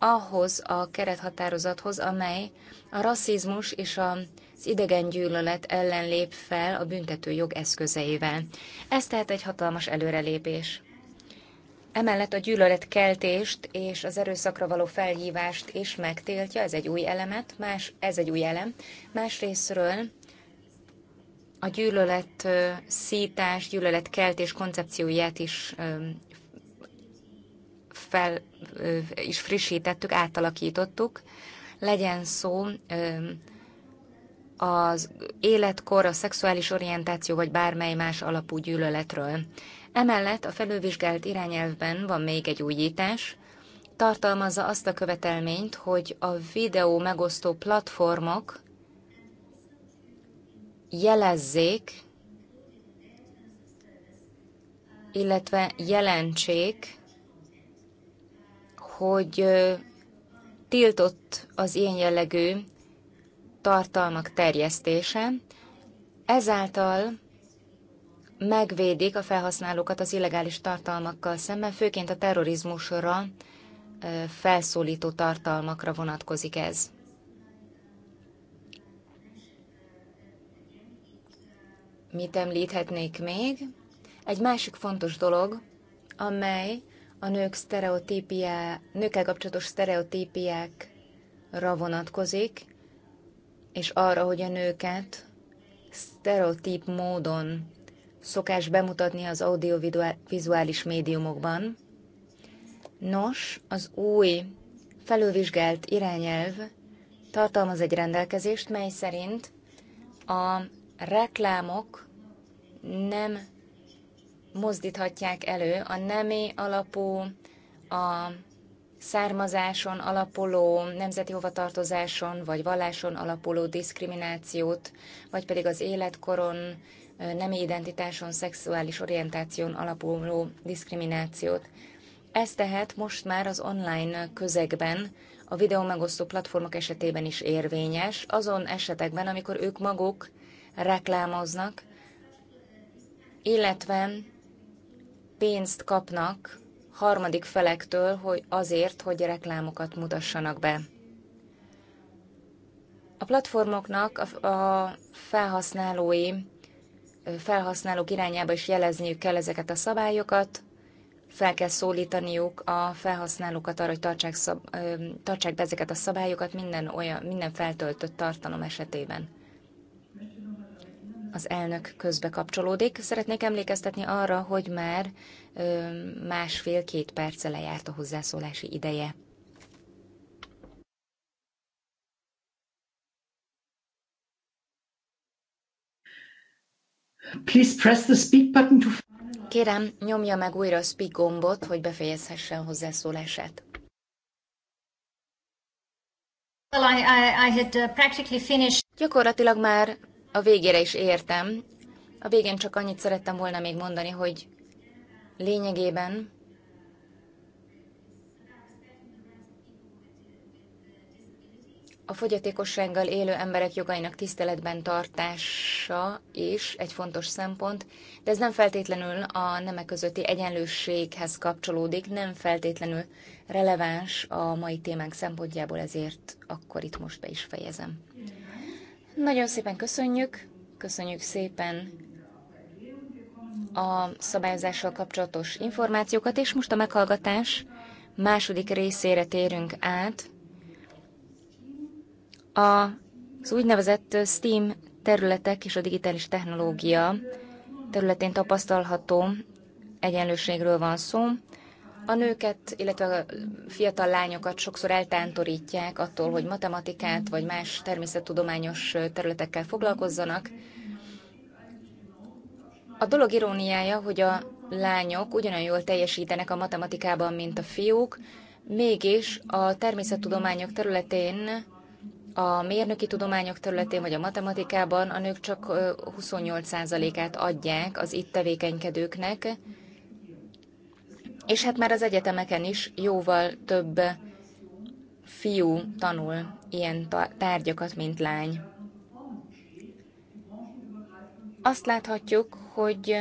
ahhoz a kerethatározathoz, amely a rasszizmus és az idegen gyűlölet ellen lép fel a büntető jog eszközeivel. Ez tehát egy hatalmas előrelépés. Emellett a gyűlöletkeltést és az erőszakra való felhívást is megtiltja, ez egy új elemet, más, ez egy új elem. Másrésztről a gyűlölet szítás, gyűlöletkeltés koncepcióját is fel is frissítettük, átalakítottuk. Legyen szó az életkor, a szexuális orientáció vagy bármely más alapú gyűlöletről. Emellett a felülvizsgált irányelvben van még egy újítás, tartalmazza azt a követelményt, hogy a videó megosztó platformok jelezzék, illetve jelentsék hogy tiltott az ilyen jellegű tartalmak terjesztése, ezáltal megvédik a felhasználókat az illegális tartalmakkal szemben, főként a terrorizmusra felszólító tartalmakra vonatkozik ez. Mit említhetnék még? Egy másik fontos dolog, amely a nők sztereotípiá, nőkkel kapcsolatos sztereotípiákra vonatkozik, és arra, hogy a nőket sztereotíp módon szokás bemutatni az audiovizuális médiumokban. Nos, az új felülvizsgált irányelv tartalmaz egy rendelkezést, mely szerint a reklámok nem mozdíthatják elő a nemi alapú, a származáson alapuló, nemzeti hovatartozáson vagy valláson alapuló diszkriminációt, vagy pedig az életkoron, nemi identitáson, szexuális orientáción alapuló diszkriminációt. Ez tehát most már az online közegben, a videó megosztó platformok esetében is érvényes, azon esetekben, amikor ők maguk reklámoznak, illetve pénzt kapnak harmadik felektől, hogy azért, hogy reklámokat mutassanak be. A platformoknak a felhasználói, felhasználók irányába is jelezniük kell ezeket a szabályokat, fel kell szólítaniuk a felhasználókat arra, hogy tartsák, szab, tartsák be ezeket a szabályokat minden, olyan, minden feltöltött tartalom esetében. Az elnök közbe kapcsolódik. Szeretnék emlékeztetni arra, hogy már másfél-két perce lejárt a hozzászólási ideje. Please press the speak button to... Kérem, nyomja meg újra a speak gombot, hogy befejezhessen hozzászólását. Well, I, I, I had uh, practically finished. Gyakorlatilag már a végére is értem. A végén csak annyit szerettem volna még mondani, hogy lényegében a fogyatékossággal élő emberek jogainak tiszteletben tartása is egy fontos szempont, de ez nem feltétlenül a nemek közötti egyenlőséghez kapcsolódik, nem feltétlenül releváns a mai témánk szempontjából, ezért akkor itt most be is fejezem. Nagyon szépen köszönjük, köszönjük szépen a szabályozással kapcsolatos információkat, és most a meghallgatás második részére térünk át. Az úgynevezett STEAM területek és a digitális technológia területén tapasztalható egyenlőségről van szó. A nőket, illetve a fiatal lányokat sokszor eltántorítják attól, hogy matematikát vagy más természettudományos területekkel foglalkozzanak. A dolog iróniája, hogy a lányok ugyanolyan jól teljesítenek a matematikában, mint a fiúk, mégis a természettudományok területén, a mérnöki tudományok területén vagy a matematikában a nők csak 28%-át adják az itt tevékenykedőknek, és hát már az egyetemeken is jóval több fiú tanul ilyen tárgyakat, mint lány. Azt láthatjuk, hogy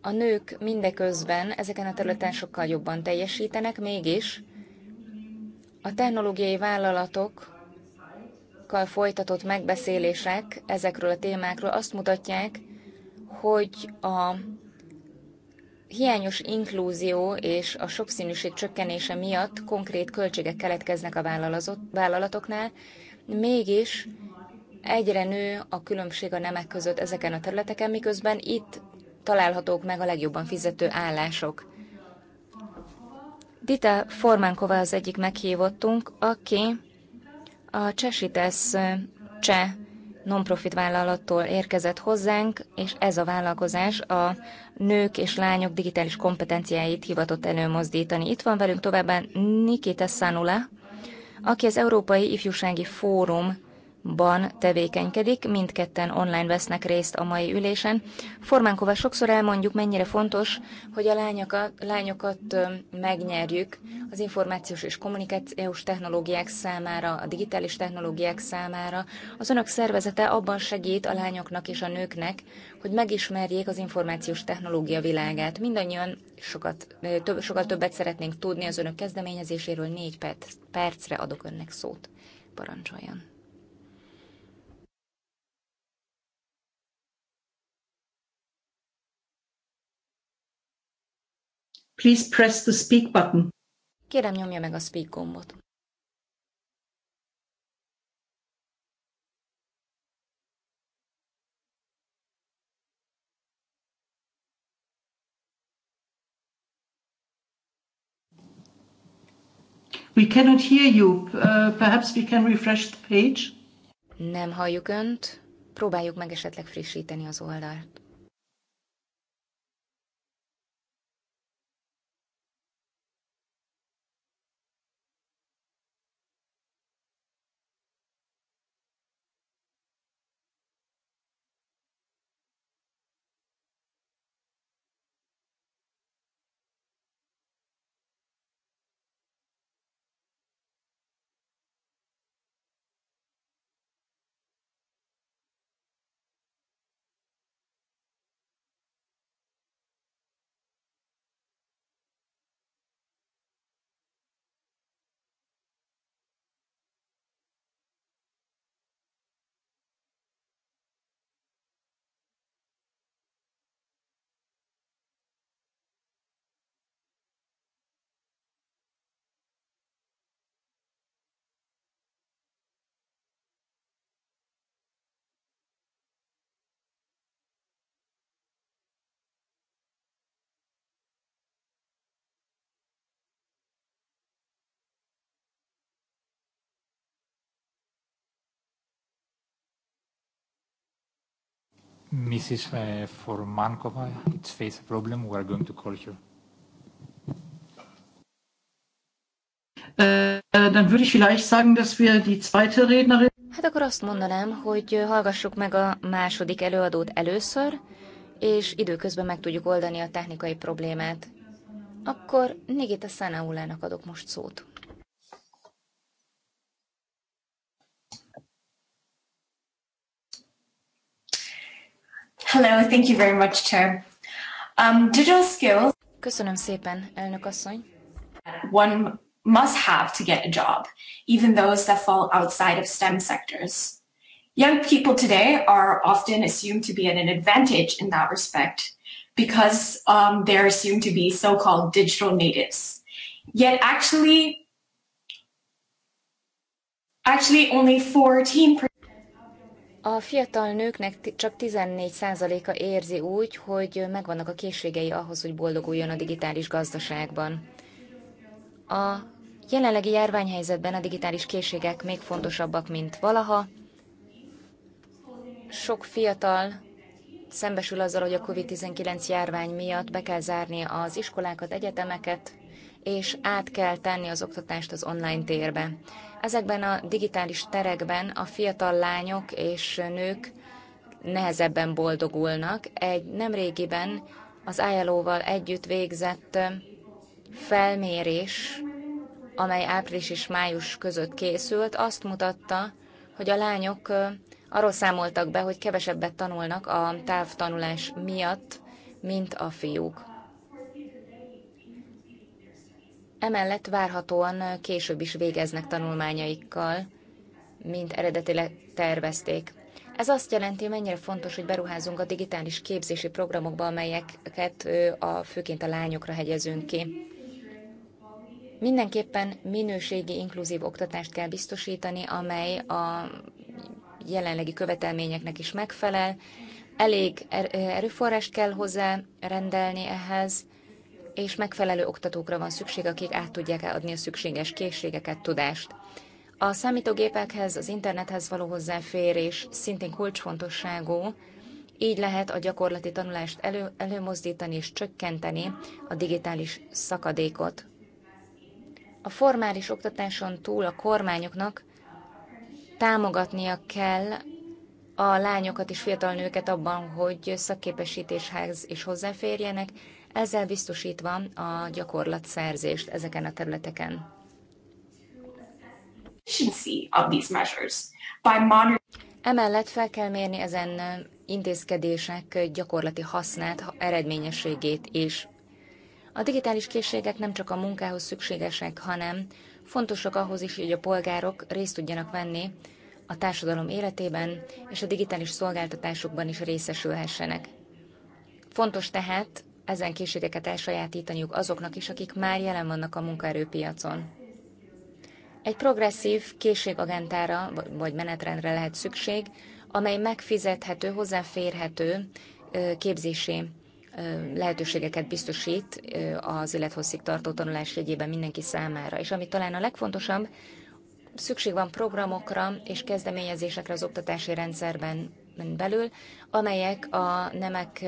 a nők mindeközben ezeken a területen sokkal jobban teljesítenek, mégis a technológiai vállalatokkal folytatott megbeszélések ezekről a témákról azt mutatják, hogy a hiányos inklúzió és a sokszínűség csökkenése miatt konkrét költségek keletkeznek a vállalatoknál, mégis egyre nő a különbség a nemek között ezeken a területeken, miközben itt találhatók meg a legjobban fizető állások. Dita Formánkova az egyik meghívottunk, aki a Csesitesz cseh non-profit vállalattól érkezett hozzánk, és ez a vállalkozás a nők és lányok digitális kompetenciáit hivatott előmozdítani. Itt van velünk továbbá Nikita Sanula, aki az Európai Ifjúsági Fórum ban tevékenykedik, mindketten online vesznek részt a mai ülésen. Formánkova sokszor elmondjuk, mennyire fontos, hogy a lányokat, lányokat megnyerjük az információs és kommunikációs technológiák számára, a digitális technológiák számára. Az önök szervezete abban segít a lányoknak és a nőknek, hogy megismerjék az információs technológia világát. Mindannyian sokat, több, sokat többet szeretnénk tudni az önök kezdeményezéséről. Négy perc, percre adok önnek szót. Parancsoljon! Please press the speak button. Kérem nyomja meg a speak gombot. We cannot hear you. Uh, perhaps we can refresh the page. Nem halljuk önt. Próbáljuk meg esetleg frissíteni az oldalt. Mrs. Uh, eh, Formankova, it's face a problem. We are going to call you. Hát akkor azt mondanám, hogy hallgassuk meg a második előadót először, és időközben meg tudjuk oldani a technikai problémát. Akkor Nigita Sanaulának adok most szót. Hello, thank you very much, Chair. Um, digital skills. Köszönöm szépen, elnök asszony. One must have to get a job, even those that fall outside of STEM sectors. Young people today are often assumed to be at an advantage in that respect because um, they're assumed to be so called digital natives. Yet, actually, actually, only 14% a fiatal nőknek csak 14%-a érzi úgy, hogy megvannak a készségei ahhoz, hogy boldoguljon a digitális gazdaságban. A jelenlegi járványhelyzetben a digitális készségek még fontosabbak, mint valaha. Sok fiatal szembesül azzal, hogy a COVID-19 járvány miatt be kell zárni az iskolákat, egyetemeket, és át kell tenni az oktatást az online térbe. Ezekben a digitális terekben a fiatal lányok és nők nehezebben boldogulnak. Egy nemrégiben az ILO-val együtt végzett felmérés, amely április és május között készült, azt mutatta, hogy a lányok arról számoltak be, hogy kevesebbet tanulnak a távtanulás miatt, mint a fiúk. Emellett várhatóan később is végeznek tanulmányaikkal, mint eredetileg tervezték. Ez azt jelenti, mennyire fontos, hogy beruházunk a digitális képzési programokba, amelyeket a, főként a lányokra hegyezünk ki. Mindenképpen minőségi, inkluzív oktatást kell biztosítani, amely a jelenlegi követelményeknek is megfelel. Elég er-, erőforrás kell hozzá rendelni ehhez, és megfelelő oktatókra van szükség, akik át tudják adni a szükséges készségeket, tudást. A számítógépekhez, az internethez való hozzáférés szintén kulcsfontosságú, így lehet a gyakorlati tanulást elő, előmozdítani és csökkenteni a digitális szakadékot. A formális oktatáson túl a kormányoknak támogatnia kell a lányokat és fiatal nőket abban, hogy szakképesítéshez is hozzáférjenek, ezzel biztosítva a gyakorlatszerzést ezeken a területeken. Emellett fel kell mérni ezen intézkedések gyakorlati hasznát, eredményességét is. A digitális készségek nem csak a munkához szükségesek, hanem fontosak ahhoz is, hogy a polgárok részt tudjanak venni a társadalom életében és a digitális szolgáltatásokban is részesülhessenek. Fontos tehát ezen készségeket elsajátítaniuk azoknak is, akik már jelen vannak a munkaerőpiacon. Egy progresszív készségagentára vagy menetrendre lehet szükség, amely megfizethető, hozzáférhető képzési lehetőségeket biztosít az élethosszig tartó tanulás jegyében mindenki számára. És ami talán a legfontosabb, szükség van programokra és kezdeményezésekre az oktatási rendszerben belül, amelyek a nemek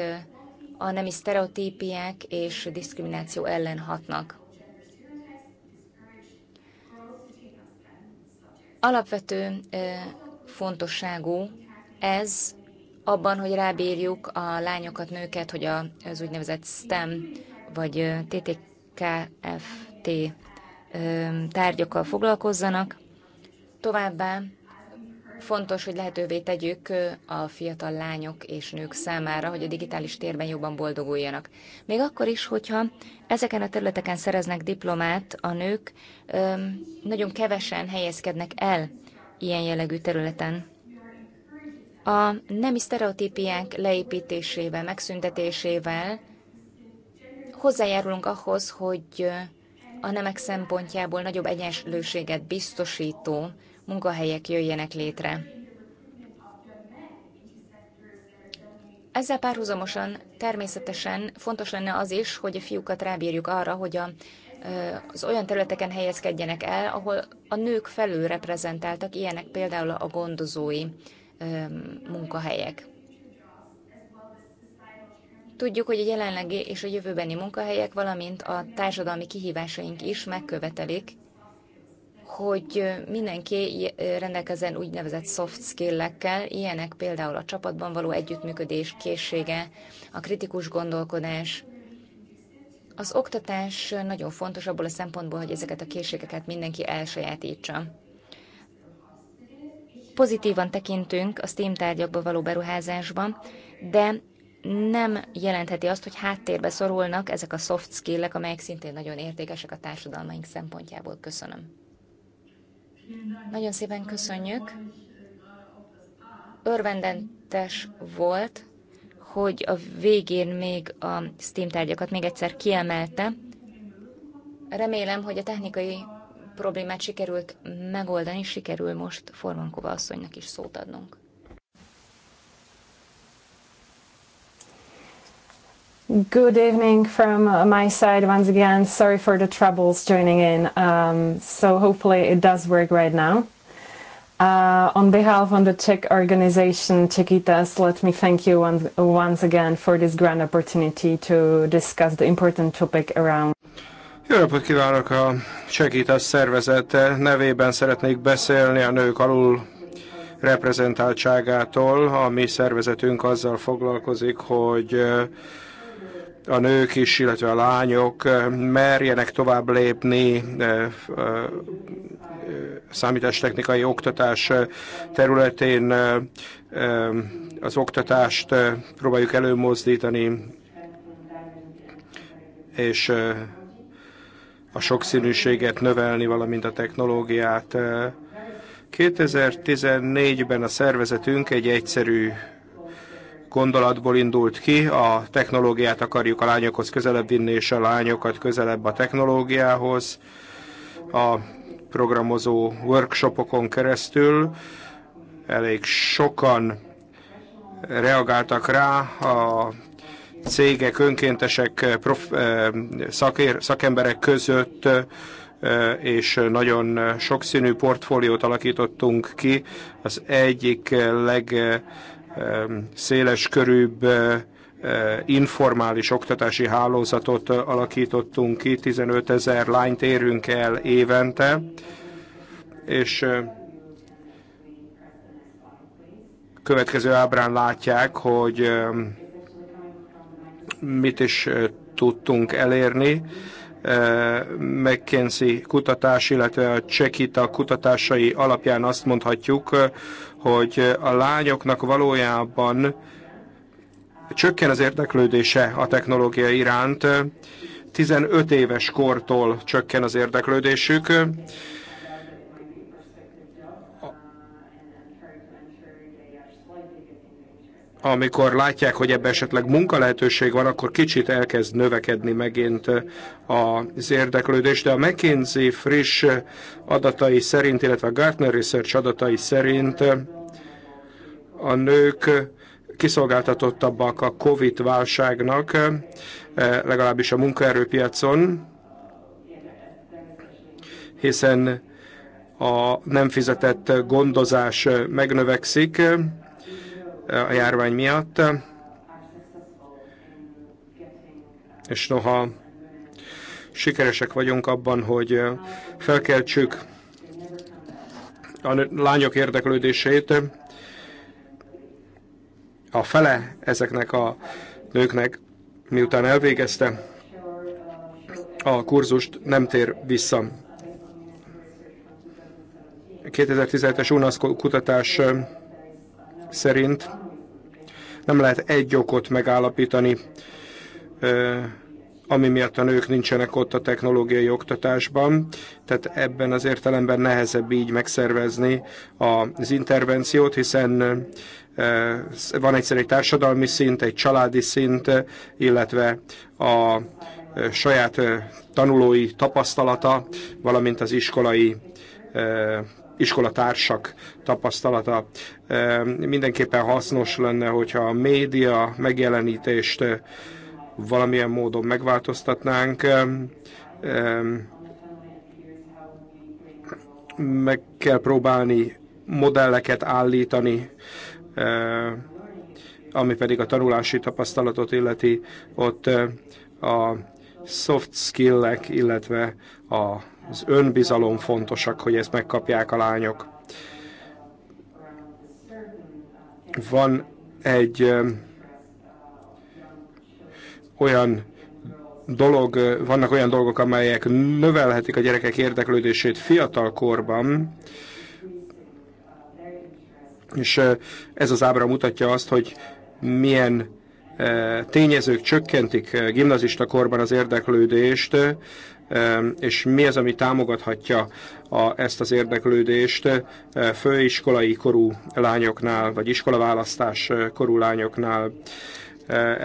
a nemi sztereotípiák és diszkrimináció ellen hatnak. Alapvető fontosságú ez abban, hogy rábírjuk a lányokat, nőket, hogy az úgynevezett STEM vagy TTKFT tárgyakkal foglalkozzanak. Továbbá Fontos, hogy lehetővé tegyük a fiatal lányok és nők számára, hogy a digitális térben jobban boldoguljanak. Még akkor is, hogyha ezeken a területeken szereznek diplomát, a nők nagyon kevesen helyezkednek el ilyen jellegű területen. A nemi sztereotípiák leépítésével, megszüntetésével hozzájárulunk ahhoz, hogy a nemek szempontjából nagyobb egyenlőséget biztosító munkahelyek jöjjenek létre. Ezzel párhuzamosan természetesen fontos lenne az is, hogy a fiúkat rábírjuk arra, hogy a, az olyan területeken helyezkedjenek el, ahol a nők felül reprezentáltak, ilyenek például a gondozói munkahelyek. Tudjuk, hogy a jelenlegi és a jövőbeni munkahelyek, valamint a társadalmi kihívásaink is megkövetelik hogy mindenki rendelkezzen úgynevezett soft skill-ekkel, ilyenek például a csapatban való együttműködés készsége, a kritikus gondolkodás. Az oktatás nagyon fontos abból a szempontból, hogy ezeket a készségeket mindenki elsajátítsa. Pozitívan tekintünk a STEAM tárgyakba való beruházásba, de nem jelentheti azt, hogy háttérbe szorulnak ezek a soft skill-ek, amelyek szintén nagyon értékesek a társadalmaink szempontjából. Köszönöm. Nagyon szépen köszönjük. Örvendentes volt, hogy a végén még a Steam tárgyakat még egyszer kiemelte. Remélem, hogy a technikai problémát sikerült megoldani, sikerül most Formankova asszonynak is szót adnunk. Good evening from uh, my side once again. Sorry for the troubles joining in. Um, so hopefully it does work right now. Uh, on behalf of the Czech organization Czechitas, let me thank you once, once again for this grand opportunity to discuss the important topic around. Jó napot kívánok a Czechitas szervezet nevében szeretnék beszélni a nők alul reprezentáltságától. A mi szervezetünk azzal foglalkozik, hogy uh, a nők is, illetve a lányok merjenek tovább lépni számítástechnikai oktatás területén az oktatást próbáljuk előmozdítani, és a sokszínűséget növelni, valamint a technológiát. 2014-ben a szervezetünk egy egyszerű gondolatból indult ki, a technológiát akarjuk a lányokhoz közelebb vinni, és a lányokat közelebb a technológiához, a programozó workshopokon keresztül. Elég sokan reagáltak rá a cégek, önkéntesek, prof, szakér, szakemberek között, és nagyon sokszínű portfóliót alakítottunk ki. Az egyik leg széles körűbb eh, eh, informális oktatási hálózatot alakítottunk ki, 15 ezer lányt érünk el évente, és eh, következő ábrán látják, hogy mit is tudtunk elérni. McKinsey kutatás, illetve a Csekita kutatásai alapján azt mondhatjuk, hogy a lányoknak valójában csökken az érdeklődése a technológia iránt, 15 éves kortól csökken az érdeklődésük, amikor látják, hogy ebben esetleg munkalehetőség van, akkor kicsit elkezd növekedni megint az érdeklődés, de a McKinsey friss adatai szerint, illetve a Gartner Research adatai szerint a nők kiszolgáltatottabbak a Covid válságnak, legalábbis a munkaerőpiacon, hiszen a nem fizetett gondozás megnövekszik, a járvány miatt. És noha sikeresek vagyunk abban, hogy felkeltsük a lányok érdeklődését, a fele ezeknek a nőknek, miután elvégezte a kurzust, nem tér vissza. 2017-es UNASZ kutatás szerint nem lehet egy okot megállapítani, ami miatt a nők nincsenek ott a technológiai oktatásban, tehát ebben az értelemben nehezebb így megszervezni az intervenciót, hiszen van egyszer egy társadalmi szint, egy családi szint, illetve a saját tanulói tapasztalata, valamint az iskolai iskolatársak tapasztalata. Mindenképpen hasznos lenne, hogyha a média megjelenítést valamilyen módon megváltoztatnánk. Meg kell próbálni modelleket állítani, ami pedig a tanulási tapasztalatot illeti, ott a soft skill-ek, illetve a az önbizalom fontosak, hogy ezt megkapják a lányok. Van egy olyan dolog, vannak olyan dolgok, amelyek növelhetik a gyerekek érdeklődését fiatal korban, és ez az ábra mutatja azt, hogy milyen tényezők csökkentik gimnazista korban az érdeklődést, és mi az, ami támogathatja a, ezt az érdeklődést főiskolai korú lányoknál, vagy iskolaválasztás korú lányoknál,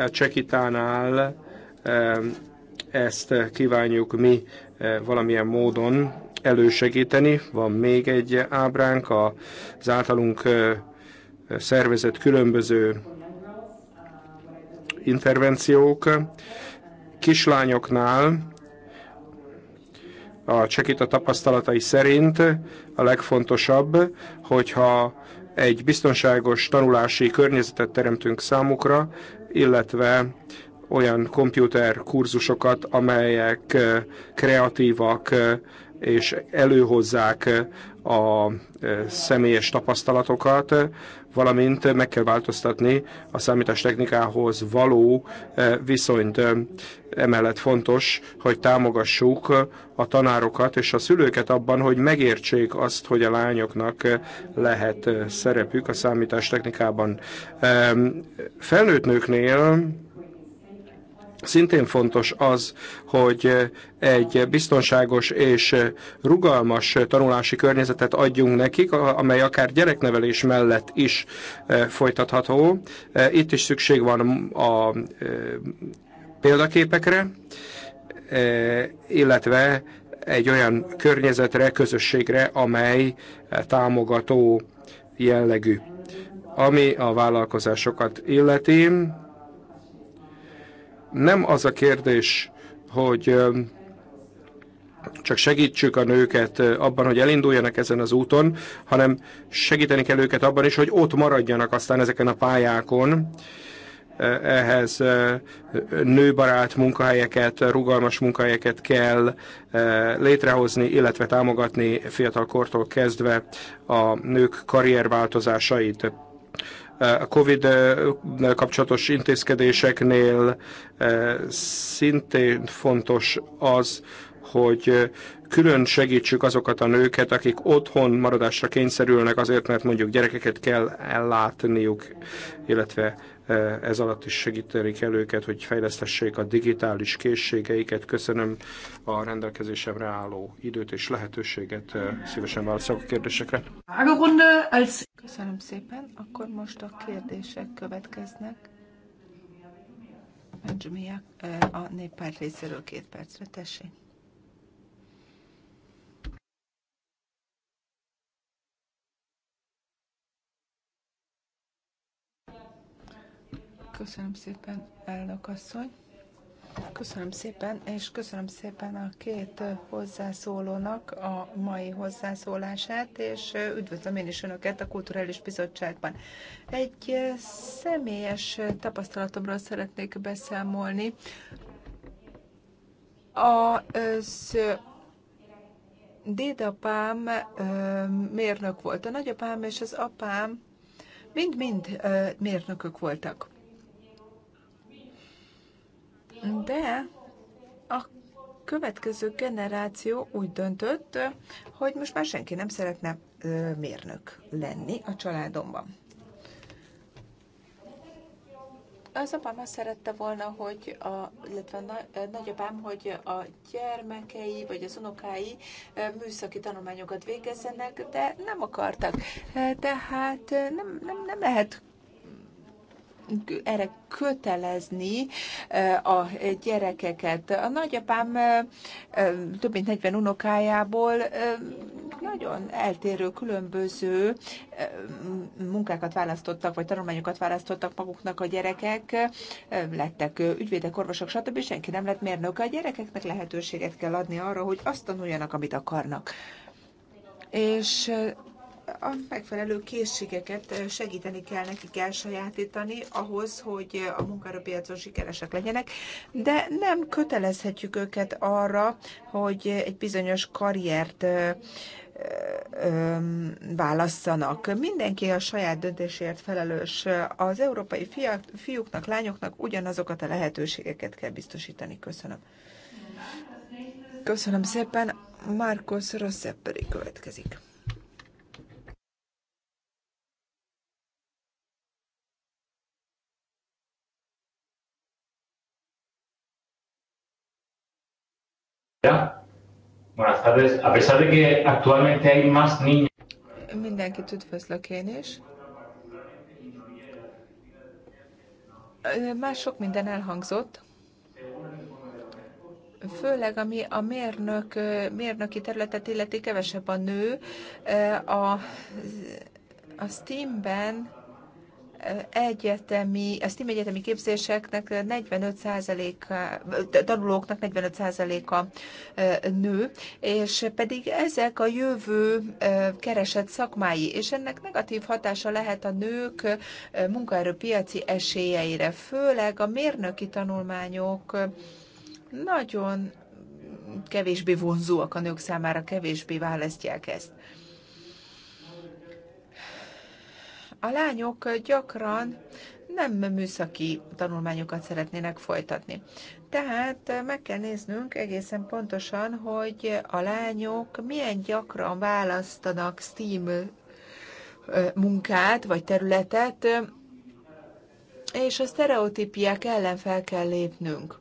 a Csekitánál ezt kívánjuk mi valamilyen módon elősegíteni. Van még egy ábránk az általunk szervezett különböző intervenciók. Kislányoknál a Csekita tapasztalatai szerint a legfontosabb, hogyha egy biztonságos tanulási környezetet teremtünk számukra, illetve olyan komputer kurzusokat, amelyek kreatívak és előhozzák a e, személyes tapasztalatokat, valamint meg kell változtatni a számítástechnikához való e, viszonyt. E, emellett fontos, hogy támogassuk a tanárokat és a szülőket abban, hogy megértsék azt, hogy a lányoknak lehet szerepük a számítástechnikában. Felnőtt nőknél Szintén fontos az, hogy eh, egy biztonságos és eh, rugalmas eh, tanulási környezetet adjunk nekik, amely akár gyereknevelés mellett is folytatható. Itt is szükség van a példaképekre, illetve egy olyan környezetre, közösségre, amely támogató jellegű. Ami a vállalkozásokat illeti, nem az a kérdés, hogy csak segítsük a nőket abban, hogy elinduljanak ezen az úton, hanem segíteni kell őket abban is, hogy ott maradjanak aztán ezeken a pályákon, ehhez nőbarát munkahelyeket, rugalmas munkahelyeket kell létrehozni, illetve támogatni fiatal kortól kezdve a nők karrierváltozásait a covid eh, kapcsolatos intézkedéseknél eh, szintén fontos az, hogy eh, külön segítsük azokat a nőket, akik otthon maradásra kényszerülnek azért, mert mondjuk gyerekeket kell ellátniuk, illetve Eh, ez alatt is segíteni kell őket, hogy fejlesztessék a digitális készségeiket. Köszönöm a rendelkezésemre álló időt és lehetőséget. Eh, szívesen válaszolok a kérdésekre. Köszönöm szépen. Akkor most a kérdések következnek. Benjamin eh, a néppárt részéről két percre, tessék. Köszönöm szépen, elnök asszony. Köszönöm szépen, és köszönöm szépen a két hozzászólónak a mai hozzászólását, és üdvözlöm én is Önöket a Kulturális Bizottságban. Egy személyes tapasztalatomról szeretnék beszámolni. A dédapám mérnök volt, a nagyapám és az apám mind-mind mérnökök voltak. De a következő generáció úgy döntött, hogy most már senki nem szeretne mérnök lenni a családomban. Az apám azt szerette volna, hogy a, illetve a nagyapám, hogy a gyermekei vagy az unokái műszaki tanulmányokat végezzenek, de nem akartak. Tehát nem, nem, nem lehet erre kötelezni a gyerekeket. A nagyapám több mint 40 unokájából nagyon eltérő, különböző munkákat választottak, vagy tanulmányokat választottak maguknak a gyerekek, lettek ügyvédek, orvosok, stb. Senki nem lett mérnök. A gyerekeknek lehetőséget kell adni arra, hogy azt tanuljanak, amit akarnak. És a megfelelő készségeket segíteni kell nekik elsajátítani ahhoz, hogy a munkaerőpiacon sikeresek legyenek, de nem kötelezhetjük őket arra, hogy egy bizonyos karriert válasszanak. Mindenki a saját döntésért felelős. Az európai fiak, fiúknak, lányoknak ugyanazokat a lehetőségeket kell biztosítani. Köszönöm. Köszönöm szépen. Marcos Rosszepperi következik. Ya. Buenas tardes. A pesar de que actualmente hay más niños. Mindenkit üdvözlök én is. Már sok minden elhangzott, főleg ami a mérnök, mérnöki területet illeti, kevesebb a nő. A, a STEAM-ben egyetemi, a STEM egyetemi képzéseknek 45 tanulóknak 45%-a nő, és pedig ezek a jövő keresett szakmái, és ennek negatív hatása lehet a nők munkaerőpiaci esélyeire, főleg a mérnöki tanulmányok nagyon kevésbé vonzóak a nők számára, kevésbé választják ezt. A lányok gyakran nem műszaki tanulmányokat szeretnének folytatni. Tehát meg kell néznünk egészen pontosan, hogy a lányok milyen gyakran választanak STEAM munkát vagy területet, és a sztereotípiák ellen fel kell lépnünk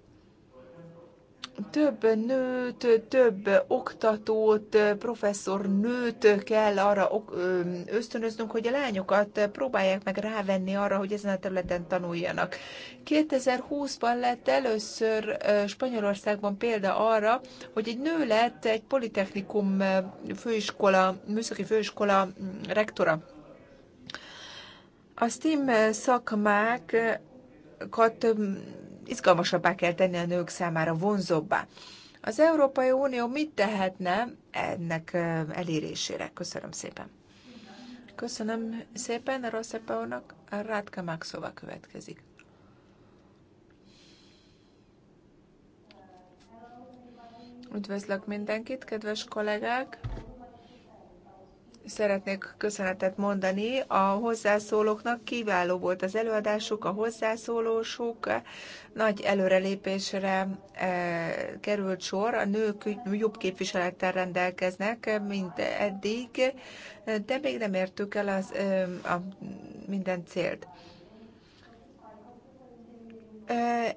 több nőt, több oktatót, professzor nőt kell arra ösztönöznünk, hogy a lányokat próbálják meg rávenni arra, hogy ezen a területen tanuljanak. 2020-ban lett először Spanyolországban példa arra, hogy egy nő lett egy politechnikum főiskola, műszaki főiskola mm, rektora. A STEAM szakmákat izgalmasabbá kell tenni a nők számára, vonzóbbá. Az Európai Unió mit tehetne ennek elérésére? Köszönöm szépen. Köszönöm szépen a Rosszepaónak. Rátka Maxova következik. Üdvözlök mindenkit, kedves kollégák! szeretnék köszönetet mondani a hozzászólóknak. Kiváló volt az előadásuk, a hozzászólósuk. Nagy előrelépésre eh, került sor. A nők jobb képviselettel rendelkeznek, mint eddig, de még nem értük el az, eh, a, minden célt.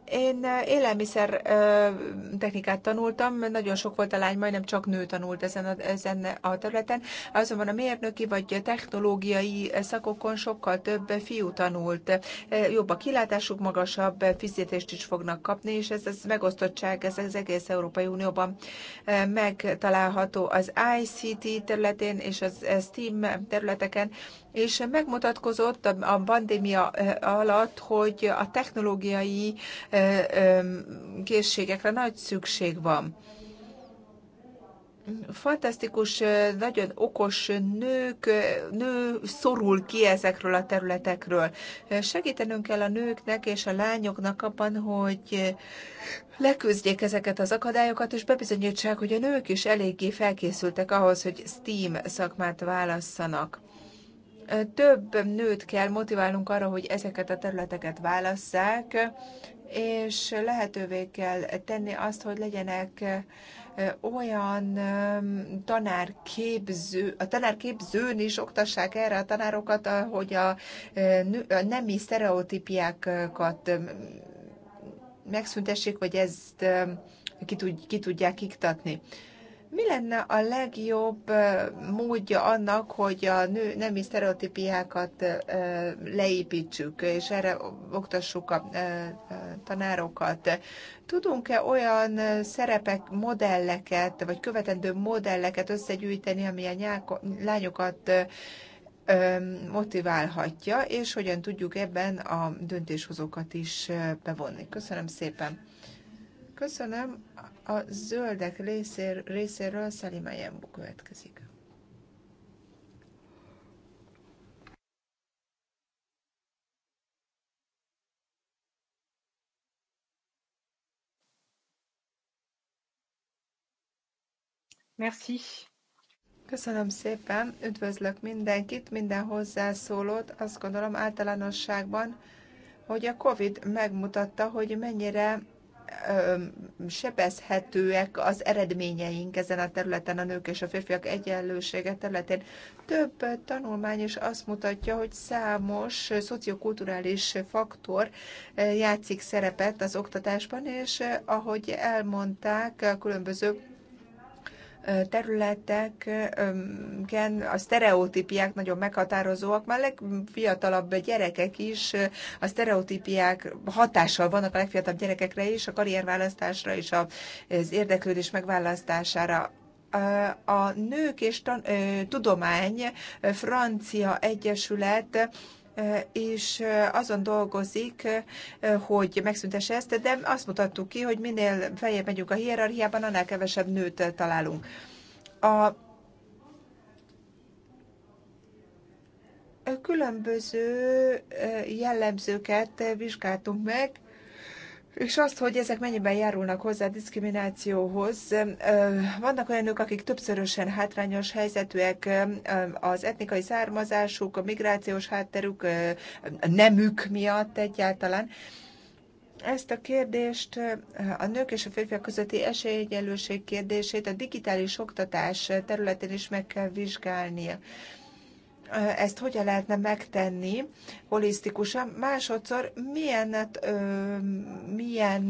Én élelmiszer technikát tanultam, nagyon sok volt a lány, majdnem csak nő tanult ezen a, ezen a területen, azonban a mérnöki vagy technológiai szakokon sokkal több fiú tanult. Jobb a kilátásuk, magasabb fizetést is fognak kapni, és ez, az megosztottság, ez az egész Európai Unióban megtalálható az ICT területén és az STEAM területeken és megmutatkozott a pandémia alatt, hogy a technológiai készségekre nagy szükség van fantasztikus, nagyon okos nők, nő szorul ki ezekről a területekről. Segítenünk kell a nőknek és a lányoknak abban, hogy leküzdjék ezeket az akadályokat, és bebizonyítsák, hogy a nők is eléggé felkészültek ahhoz, hogy STEAM szakmát válasszanak. Több nőt kell motiválnunk arra, hogy ezeket a területeket válasszák, és lehetővé kell tenni azt, hogy legyenek olyan tanárképző, a tanárképzőn is oktassák erre a tanárokat, hogy a, nemi sztereotípiákat megszüntessék, vagy ezt ki, tud, ki tudják iktatni. Mi lenne a legjobb módja annak, hogy a nő nemi sztereotípiákat leépítsük, és erre oktassuk a tanárokat? Tudunk-e olyan szerepek, modelleket, vagy követendő modelleket összegyűjteni, ami a lányokat motiválhatja, és hogyan tudjuk ebben a döntéshozókat is bevonni. Köszönöm szépen. Köszönöm. A zöldek részér, részéről Szelima Jembu következik. Merci. Köszönöm szépen, üdvözlök mindenkit, minden hozzászólót. Azt gondolom általánosságban, hogy a COVID megmutatta, hogy mennyire sebezhetőek az eredményeink ezen a területen, a nők és a férfiak egyenlősége területén. Több tanulmány is azt mutatja, hogy számos szociokulturális faktor játszik szerepet az oktatásban, és ahogy elmondták, a különböző területeken a sztereotípiák nagyon meghatározóak, már legfiatalabb gyerekek is, a sztereotípiák hatással vannak a legfiatalabb gyerekekre is, a karrierválasztásra és az érdeklődés megválasztására a Nők és Tudomány Francia Egyesület és azon dolgozik, hogy megszüntesse ezt, de azt mutattuk ki, hogy minél feljebb megyünk a hierarchiában, annál kevesebb nőt találunk. A különböző jellemzőket vizsgáltunk meg, és azt, hogy ezek mennyiben járulnak hozzá a diszkriminációhoz. Vannak olyan nők, akik többszörösen hátrányos helyzetűek, az etnikai származásuk, a migrációs hátterük, a nemük miatt egyáltalán. Ezt a kérdést, a nők és a férfiak közötti esélyegyenlőség kérdését a digitális oktatás területén is meg kell vizsgálnia ezt hogyan lehetne megtenni holisztikusan, másodszor milyen, milyen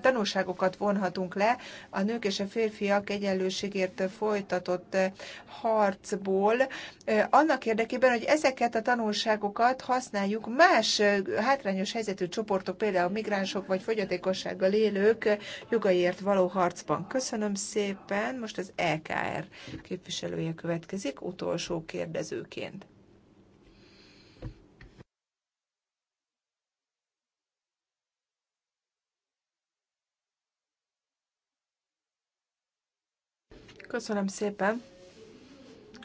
tanulságokat vonhatunk le a nők és a férfiak egyenlőségért folytatott harcból, annak érdekében, hogy ezeket a tanulságokat használjuk más hátrányos helyzetű csoportok, például migránsok vagy fogyatékossággal élők jogaiért való harcban. Köszönöm szépen, most az EKR képviselője következik, utolsó kérdezőként. Köszönöm szépen.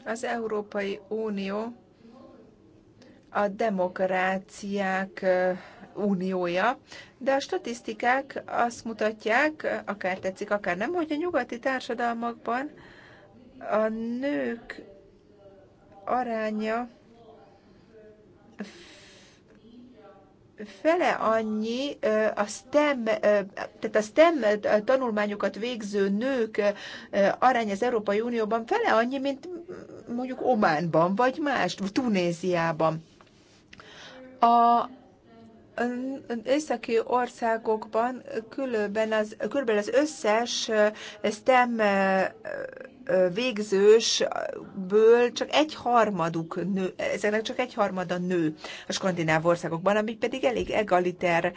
Az Európai Unió a demokráciák uniója, de a statisztikák azt mutatják, akár tetszik, akár nem, hogy a nyugati társadalmakban a nők aránya fele annyi a STEM, tehát a STEM tanulmányokat végző nők arány az Európai Unióban fele annyi, mint mondjuk Ománban, vagy más, Tunéziában. A északi országokban különben az, kb. az összes STEM végzősből csak egy harmaduk nő, ezeknek csak egy harmada nő a skandináv országokban, ami pedig elég egaliter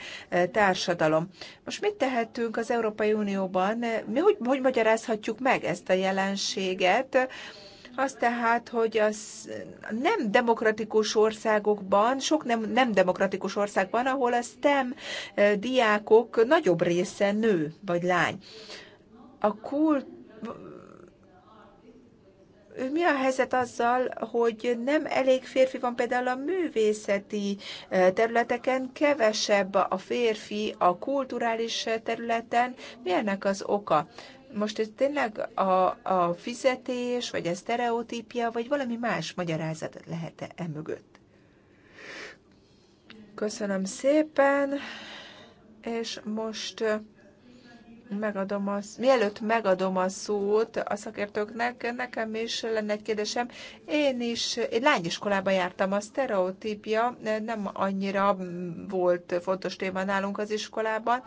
társadalom. Most mit tehetünk az Európai Unióban? Mi hogy, hogy magyarázhatjuk meg ezt a jelenséget? Az tehát, hogy az nem demokratikus országokban, sok nem, nem demokratikus országban, ahol a STEM eh, diákok nagyobb része nő vagy lány. A kult mi a helyzet azzal, hogy nem elég férfi van például a művészeti eh, területeken, kevesebb a férfi a kulturális eh, területen? Mi ennek az oka? most ez tényleg a, a fizetés, vagy a sztereotípia, vagy valami más magyarázat lehet-e emögött? Köszönöm szépen, és most megadom a, mielőtt megadom a szót a szakértőknek, nekem is lenne egy kérdésem. Én is, én lányiskolába jártam, a sztereotípia nem annyira volt fontos téma nálunk az iskolában,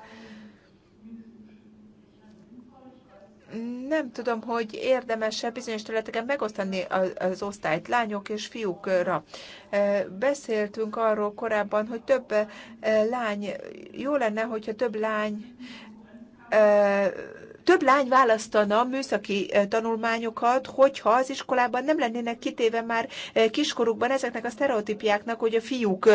nem tudom, hogy érdemes-e bizonyos területeken megosztani az osztályt lányok és fiúkra. Beszéltünk arról korábban, hogy több lány, jó lenne, hogyha több lány több lány választana műszaki tanulmányokat, hogyha az iskolában nem lennének kitéve már kiskorukban ezeknek a sztereotípiáknak, hogy a fiúk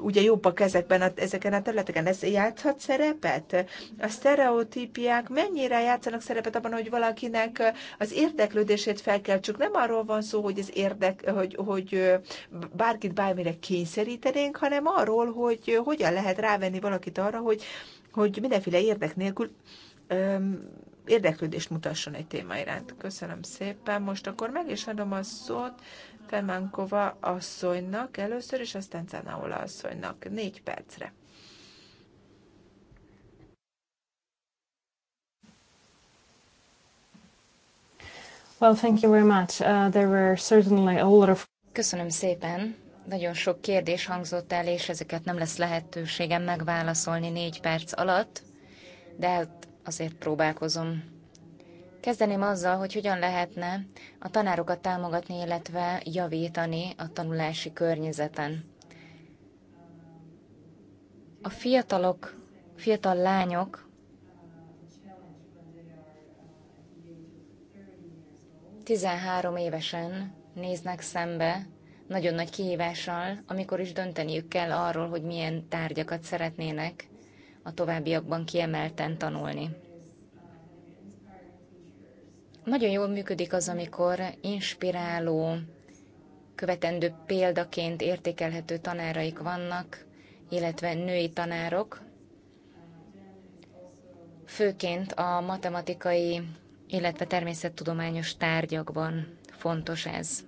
ugye jobbak ezekben a, ezeken a területeken. Ez játszhat szerepet? A sztereotípiák mennyire játszanak szerepet abban, hogy valakinek az érdeklődését felkeltsük? Nem arról van szó, hogy az érdek, hogy, hogy bárkit bármire kényszerítenénk, hanem arról, hogy hogyan lehet rávenni valakit arra, hogy hogy mindenféle érdek nélkül érdeklődést mutasson egy téma iránt. Köszönöm szépen. Most akkor meg is adom a szót Femánkova asszonynak először, és aztán Cánaula asszonynak négy percre. Well, thank you very much. Uh, there were certainly a lot of... Köszönöm szépen. Nagyon sok kérdés hangzott el, és ezeket nem lesz lehetőségem megválaszolni négy perc alatt, de hát azért próbálkozom. Kezdeném azzal, hogy hogyan lehetne a tanárokat támogatni, illetve javítani a tanulási környezeten. A fiatalok, fiatal lányok 13 évesen néznek szembe nagyon nagy kihívással, amikor is dönteniük kell arról, hogy milyen tárgyakat szeretnének a továbbiakban kiemelten tanulni. Nagyon jól működik az, amikor inspiráló, követendő példaként értékelhető tanáraik vannak, illetve női tanárok, főként a matematikai, illetve természettudományos tárgyakban fontos ez.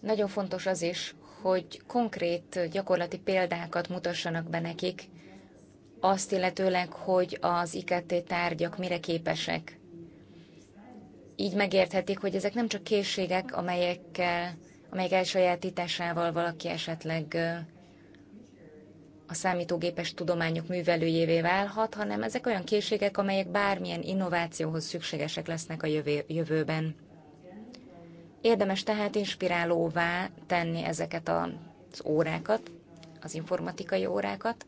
Nagyon fontos az is, hogy konkrét gyakorlati példákat mutassanak be nekik, azt illetőleg, hogy az IKT tárgyak mire képesek. Így megérthetik, hogy ezek nem csak készségek, amelyekkel, amelyek elsajátításával valaki esetleg a számítógépes tudományok művelőjévé válhat, hanem ezek olyan készségek, amelyek bármilyen innovációhoz szükségesek lesznek a jövőben. Érdemes tehát inspirálóvá tenni ezeket az órákat, az informatikai órákat,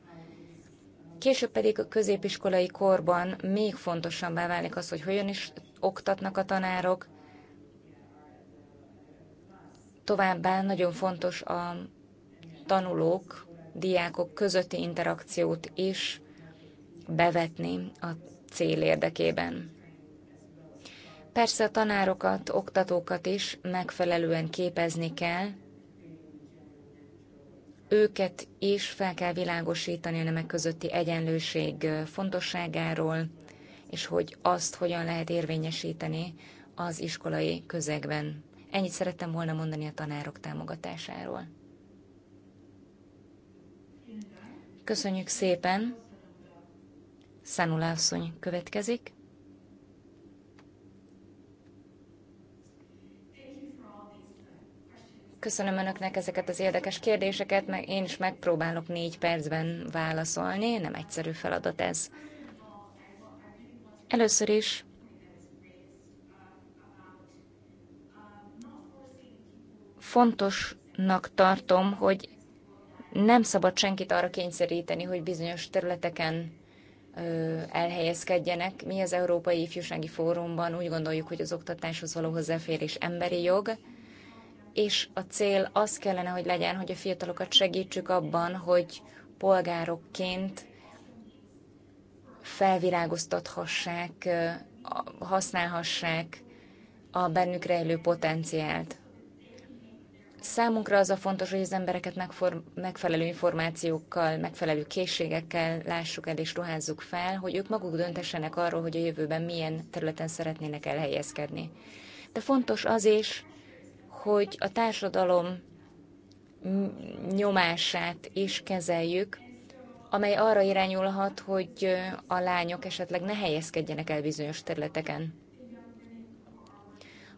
Később pedig a középiskolai korban még fontosabbá válik az, hogy hogyan is oktatnak a tanárok. Továbbá nagyon fontos a tanulók, diákok közötti interakciót is bevetni a cél érdekében. Persze a tanárokat, oktatókat is megfelelően képezni kell, őket is fel kell világosítani a nemek közötti egyenlőség fontosságáról, és hogy azt hogyan lehet érvényesíteni az iskolai közegben. Ennyit szerettem volna mondani a tanárok támogatásáról. Köszönjük szépen! Szanulászony következik. Köszönöm Önöknek ezeket az érdekes kérdéseket, meg én is megpróbálok négy percben válaszolni, nem egyszerű feladat ez. Először is fontosnak tartom, hogy nem szabad senkit arra kényszeríteni, hogy bizonyos területeken elhelyezkedjenek. Mi az Európai Ifjúsági Fórumban úgy gondoljuk, hogy az oktatáshoz való hozzáférés emberi jog, és a cél az kellene, hogy legyen, hogy a fiatalokat segítsük abban, hogy polgárokként felvirágoztathassák, használhassák a bennük rejlő potenciált. Számunkra az a fontos, hogy az embereket megfelelő információkkal, megfelelő készségekkel lássuk el és ruházzuk fel, hogy ők maguk döntessenek arról, hogy a jövőben milyen területen szeretnének elhelyezkedni. De fontos az is, hogy a társadalom nyomását is kezeljük, amely arra irányulhat, hogy a lányok esetleg ne helyezkedjenek el bizonyos területeken.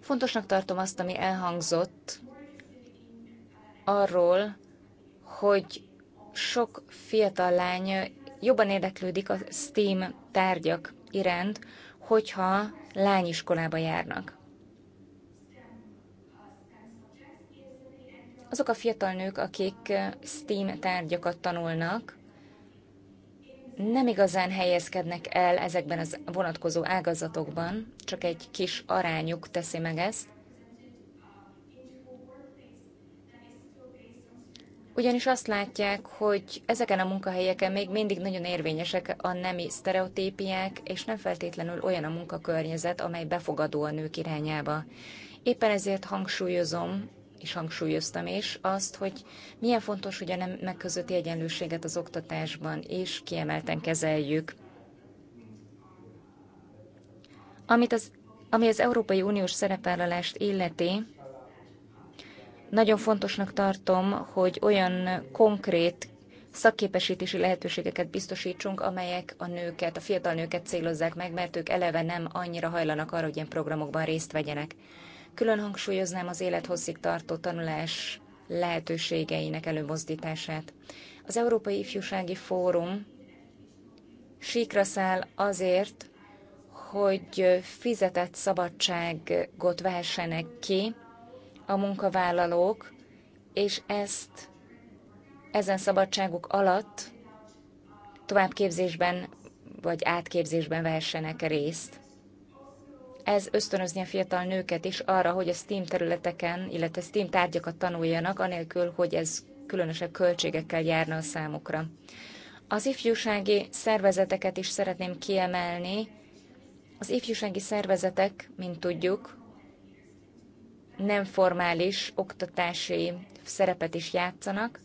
Fontosnak tartom azt, ami elhangzott arról, hogy sok fiatal lány jobban érdeklődik a STEAM tárgyak iránt, hogyha lányiskolába járnak. azok a fiatal nők, akik STEAM tárgyakat tanulnak, nem igazán helyezkednek el ezekben az vonatkozó ágazatokban, csak egy kis arányuk teszi meg ezt. Ugyanis azt látják, hogy ezeken a munkahelyeken még mindig nagyon érvényesek a nemi sztereotípiák, és nem feltétlenül olyan a munkakörnyezet, amely befogadó a nők irányába. Éppen ezért hangsúlyozom is hangsúlyoztam, és azt, hogy milyen fontos, hogy a nemek közötti egyenlőséget az oktatásban is kiemelten kezeljük. Amit az, ami az Európai Uniós szerepvállalást illeti, nagyon fontosnak tartom, hogy olyan konkrét szakképesítési lehetőségeket biztosítsunk, amelyek a nőket, a fiatal nőket célozzák meg, mert ők eleve nem annyira hajlanak arra, hogy ilyen programokban részt vegyenek. Külön hangsúlyoznám az élethosszig tartó tanulás lehetőségeinek előmozdítását. Az Európai Ifjúsági Fórum síkra száll azért, hogy fizetett szabadságot vehessenek ki a munkavállalók, és ezt ezen szabadságuk alatt továbbképzésben vagy átképzésben vehessenek részt ez ösztönözni a fiatal nőket is arra, hogy a STEAM területeken, illetve STEAM tárgyakat tanuljanak, anélkül, hogy ez különösebb költségekkel járna a számukra. Az ifjúsági szervezeteket is szeretném kiemelni. Az ifjúsági szervezetek, mint tudjuk, nem formális oktatási szerepet is játszanak,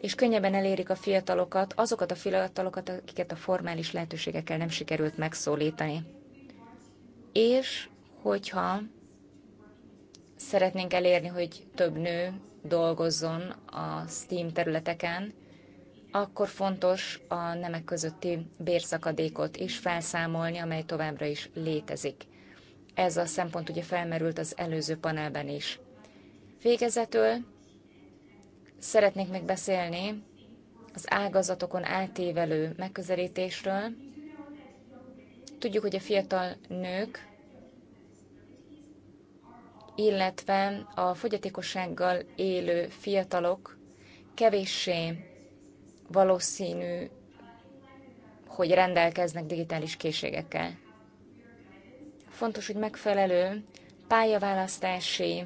és könnyebben elérik a fiatalokat, azokat a fiatalokat, akiket a formális lehetőségekkel nem sikerült megszólítani és hogyha szeretnénk elérni, hogy több nő dolgozzon a STEAM területeken, akkor fontos a nemek közötti bérszakadékot is felszámolni, amely továbbra is létezik. Ez a szempont ugye felmerült az előző panelben is. Végezetül szeretnék még beszélni az ágazatokon átévelő megközelítésről, Tudjuk, hogy a fiatal nők, illetve a fogyatékossággal élő fiatalok kevéssé valószínű, hogy rendelkeznek digitális készségekkel. Fontos, hogy megfelelő pályaválasztási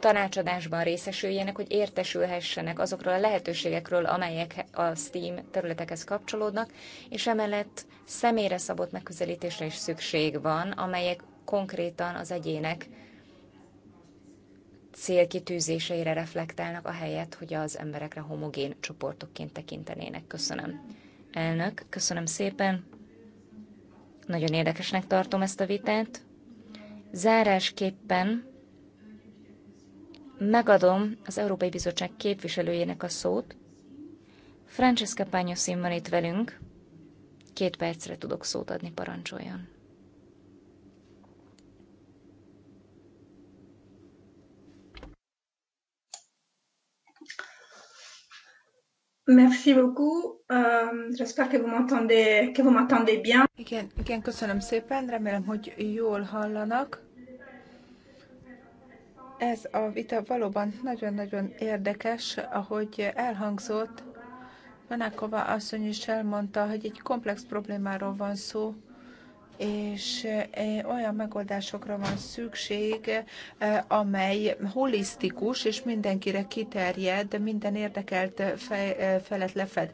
tanácsadásban részesüljenek, hogy értesülhessenek azokról a lehetőségekről, amelyek a STEAM területekhez kapcsolódnak, és emellett személyre szabott megközelítésre is szükség van, amelyek konkrétan az egyének célkitűzéseire reflektálnak, a helyet, hogy az emberekre homogén csoportokként tekintenének. Köszönöm. Elnök, köszönöm szépen. Nagyon érdekesnek tartom ezt a vitát. Zárásképpen megadom az Európai Bizottság képviselőjének a szót. Francesca Pányoszín van itt velünk. Két percre tudok szót adni, parancsoljon. Merci beaucoup. Um, J'espère que vous m'entendez, que vous m'entendez bien. Igen, igen, köszönöm szépen. Remélem, hogy jól hallanak. Ez a vita valóban nagyon-nagyon érdekes, ahogy elhangzott. Manákova asszony is elmondta, hogy egy komplex problémáról van szó, és e, olyan megoldásokra van szükség, e, amely holisztikus, és mindenkire kiterjed, minden érdekelt e, felet lefed.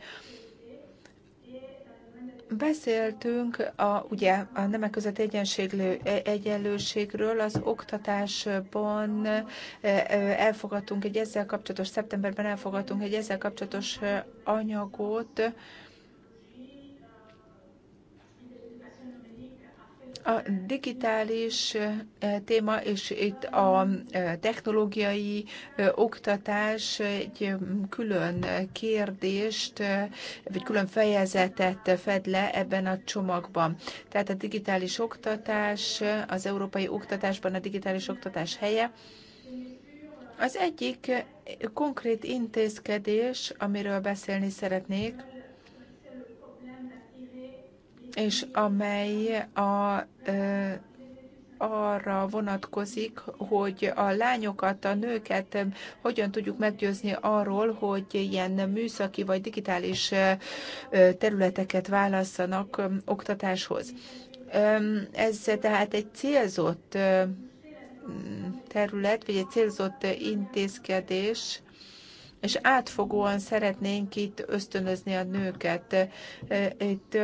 Beszéltünk a, ugye, a nemek között e, egyenlőségről, az oktatásban e, e, elfogadtunk egy ezzel kapcsolatos, szeptemberben elfogadtunk egy ezzel kapcsolatos anyagot, A digitális téma és itt a technológiai oktatás egy külön kérdést, vagy külön fejezetet fed le ebben a csomagban. Tehát a digitális oktatás, az európai oktatásban a digitális oktatás helye. Az egyik konkrét intézkedés, amiről beszélni szeretnék, és amely a arra vonatkozik, hogy a lányokat, a nőket hogyan tudjuk meggyőzni arról, hogy ilyen műszaki vagy digitális területeket válasszanak oktatáshoz. Ez tehát egy célzott terület, vagy egy célzott intézkedés, és átfogóan szeretnénk itt ösztönözni a nőket. E, itt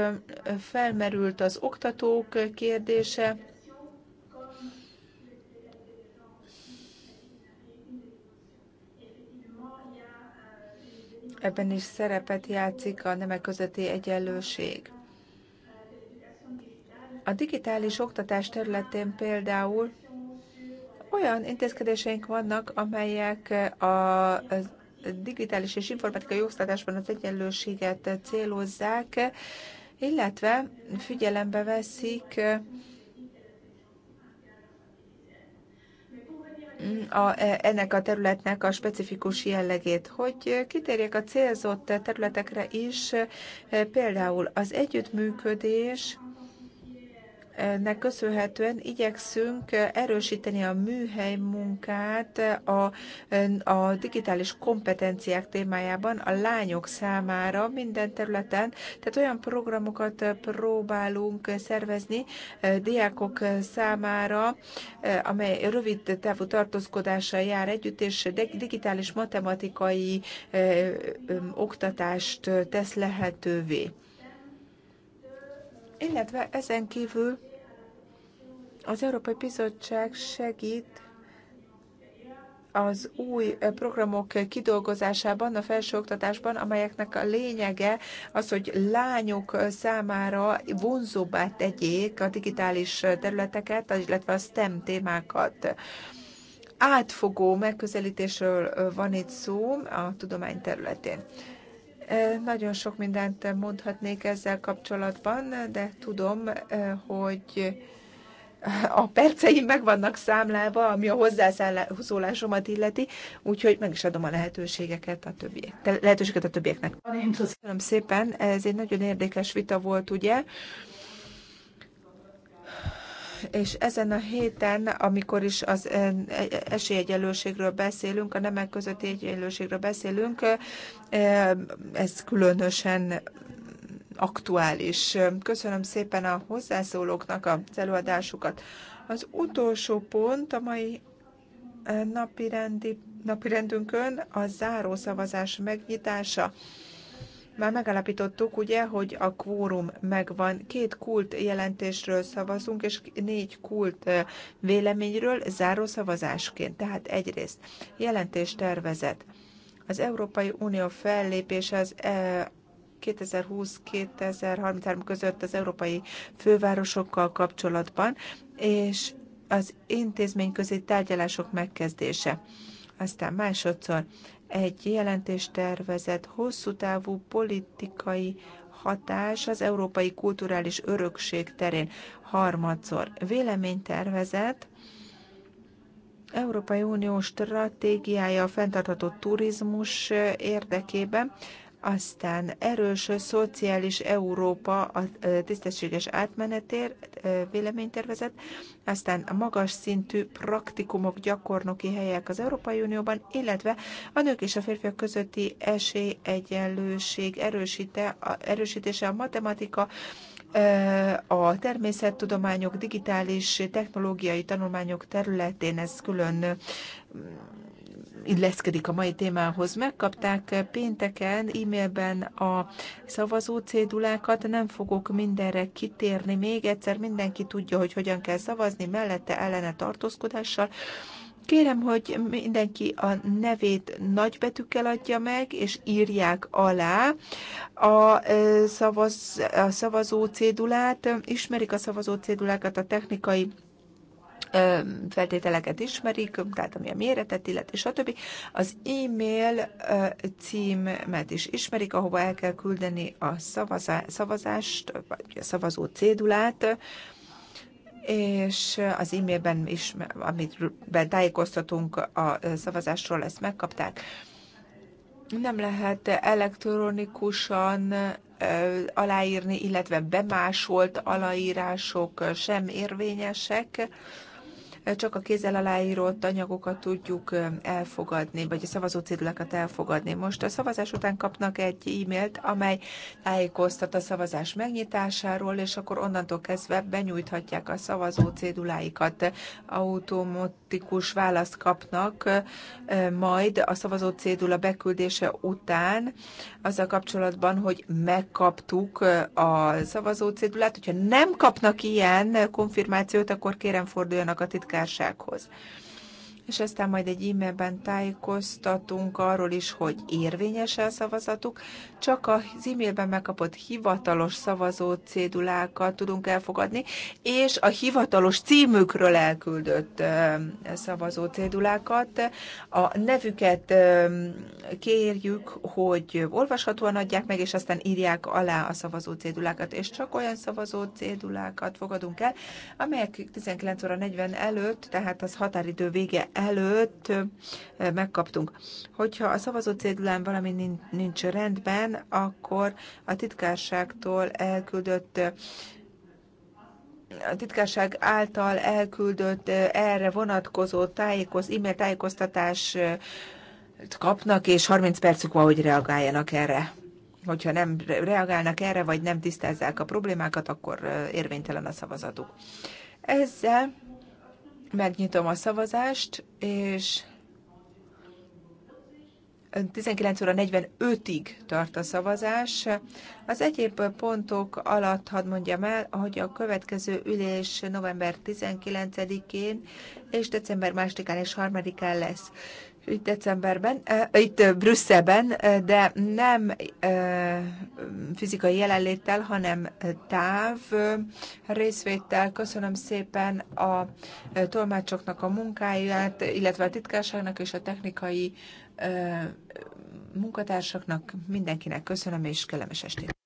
felmerült az oktatók kérdése, ebben is szerepet játszik a nemek közötti egyenlőség. A digitális oktatás területén például olyan intézkedéseink vannak, amelyek a digitális és informatikai oktatásban az egyenlőséget célozzák, illetve figyelembe veszik a, ennek a területnek a specifikus jellegét, hogy kitérjek a célzott területekre is, például az együttműködés, ennek köszönhetően igyekszünk erősíteni a műhely munkát a, a digitális kompetenciák témájában a lányok számára minden területen, tehát olyan programokat próbálunk szervezni diákok számára, amely rövid távú tartózkodással jár együtt, és digitális matematikai oktatást tesz lehetővé illetve ezen kívül az Európai Bizottság segít az új programok kidolgozásában, a felsőoktatásban, amelyeknek a lényege az, hogy lányok számára vonzóbbá tegyék a digitális területeket, illetve a STEM témákat. Átfogó megközelítésről van itt szó a tudomány területén. Nagyon sok mindent mondhatnék ezzel kapcsolatban, de tudom, hogy a perceim meg vannak számlálva, ami a hozzászólásomat illeti, úgyhogy meg is adom a lehetőségeket a, többiek, lehetőséget a többieknek. Köszönöm szépen, ez egy nagyon érdekes vita volt, ugye? és ezen a héten, amikor is az eh, esélyegyelőségről beszélünk, a nemek közötti egyenlőségről beszélünk, eh, ez különösen aktuális. Köszönöm szépen a hozzászólóknak a előadásukat. Az utolsó pont a mai eh, napi, rendi, napi rendünkön a záró szavazás megnyitása. Már megalapítottuk, ugye, hogy a kvórum megvan. Két kult jelentésről szavazunk, és négy kult véleményről záró szavazásként. Tehát egyrészt jelentés tervezet. Az Európai Unió fellépése az 2020-2033 között az európai fővárosokkal kapcsolatban, és az intézményközi tárgyalások megkezdése. Aztán másodszor egy jelentéstervezet hosszú távú politikai hatás az európai kulturális örökség terén harmadszor. Véleménytervezet Európai Unió stratégiája a fenntartható turizmus érdekében aztán erős szociális Európa a tisztességes átmenetér véleménytervezet, aztán a magas szintű praktikumok, gyakornoki helyek az Európai Unióban, illetve a nők és a férfiak közötti esélyegyenlőség erősíte, erősítése a matematika, a természettudományok, digitális technológiai tanulmányok területén ez külön illeszkedik a mai témához. Megkapták pénteken e-mailben a szavazó cédulákat, nem fogok mindenre kitérni. Még egyszer mindenki tudja, hogy hogyan kell szavazni, mellette ellene tartózkodással. Kérem, hogy mindenki a nevét nagybetűkkel adja meg, és írják alá a, szavaz, a szavazó cédulát. Ismerik a szavazó cédulákat a technikai feltételeket ismerik, tehát ami a méretet illeti, stb. Az e-mail címet is ismerik, ahova el kell küldeni a szavazást, vagy a szavazó cédulát, és az e-mailben is, amit tájékoztatunk a szavazásról, ezt megkapták. Nem lehet elektronikusan aláírni, illetve bemásolt aláírások sem érvényesek csak a kézzel aláírott anyagokat tudjuk elfogadni, vagy a szavazócédulákat elfogadni. Most a szavazás után kapnak egy e-mailt, amely tájékoztat a szavazás megnyitásáról, és akkor onnantól kezdve benyújthatják a szavazócéduláikat automat praktikus választ kapnak majd a szavazó cédula beküldése után, azzal kapcsolatban, hogy megkaptuk a szavazó cédulát. Hogyha nem kapnak ilyen konfirmációt, akkor kérem forduljanak a titkársághoz és aztán majd egy e-mailben tájékoztatunk arról is, hogy érvényes a szavazatuk. Csak az e-mailben megkapott hivatalos szavazó cédulákat tudunk elfogadni, és a hivatalos címükről elküldött szavazó cédulákat. A nevüket kérjük, hogy olvashatóan adják meg, és aztán írják alá a szavazó cédulákat, és csak olyan szavazó cédulákat fogadunk el, amelyek 19 óra 40 előtt, tehát az határidő vége előtt megkaptunk. Hogyha a szavazó cédulán valami nincs rendben, akkor a titkárságtól elküldött a titkárság által elküldött erre vonatkozó tájékoz, e-mail tájékoztatás kapnak, és 30 percük van, hogy reagáljanak erre. Hogyha nem reagálnak erre, vagy nem tisztázzák a problémákat, akkor érvénytelen a szavazatuk. Ezzel Megnyitom a szavazást, és 19 óra 45-ig tart a szavazás. Az egyéb pontok alatt hadd mondjam el, hogy a következő ülés november 19-én és december 2-án és 3-án lesz itt decemberben, itt Brüsszelben, de nem fizikai jelenléttel, hanem táv részvétel. Köszönöm szépen a tolmácsoknak a munkáját, illetve a titkárságnak és a technikai munkatársaknak, mindenkinek köszönöm, és kellemes estét!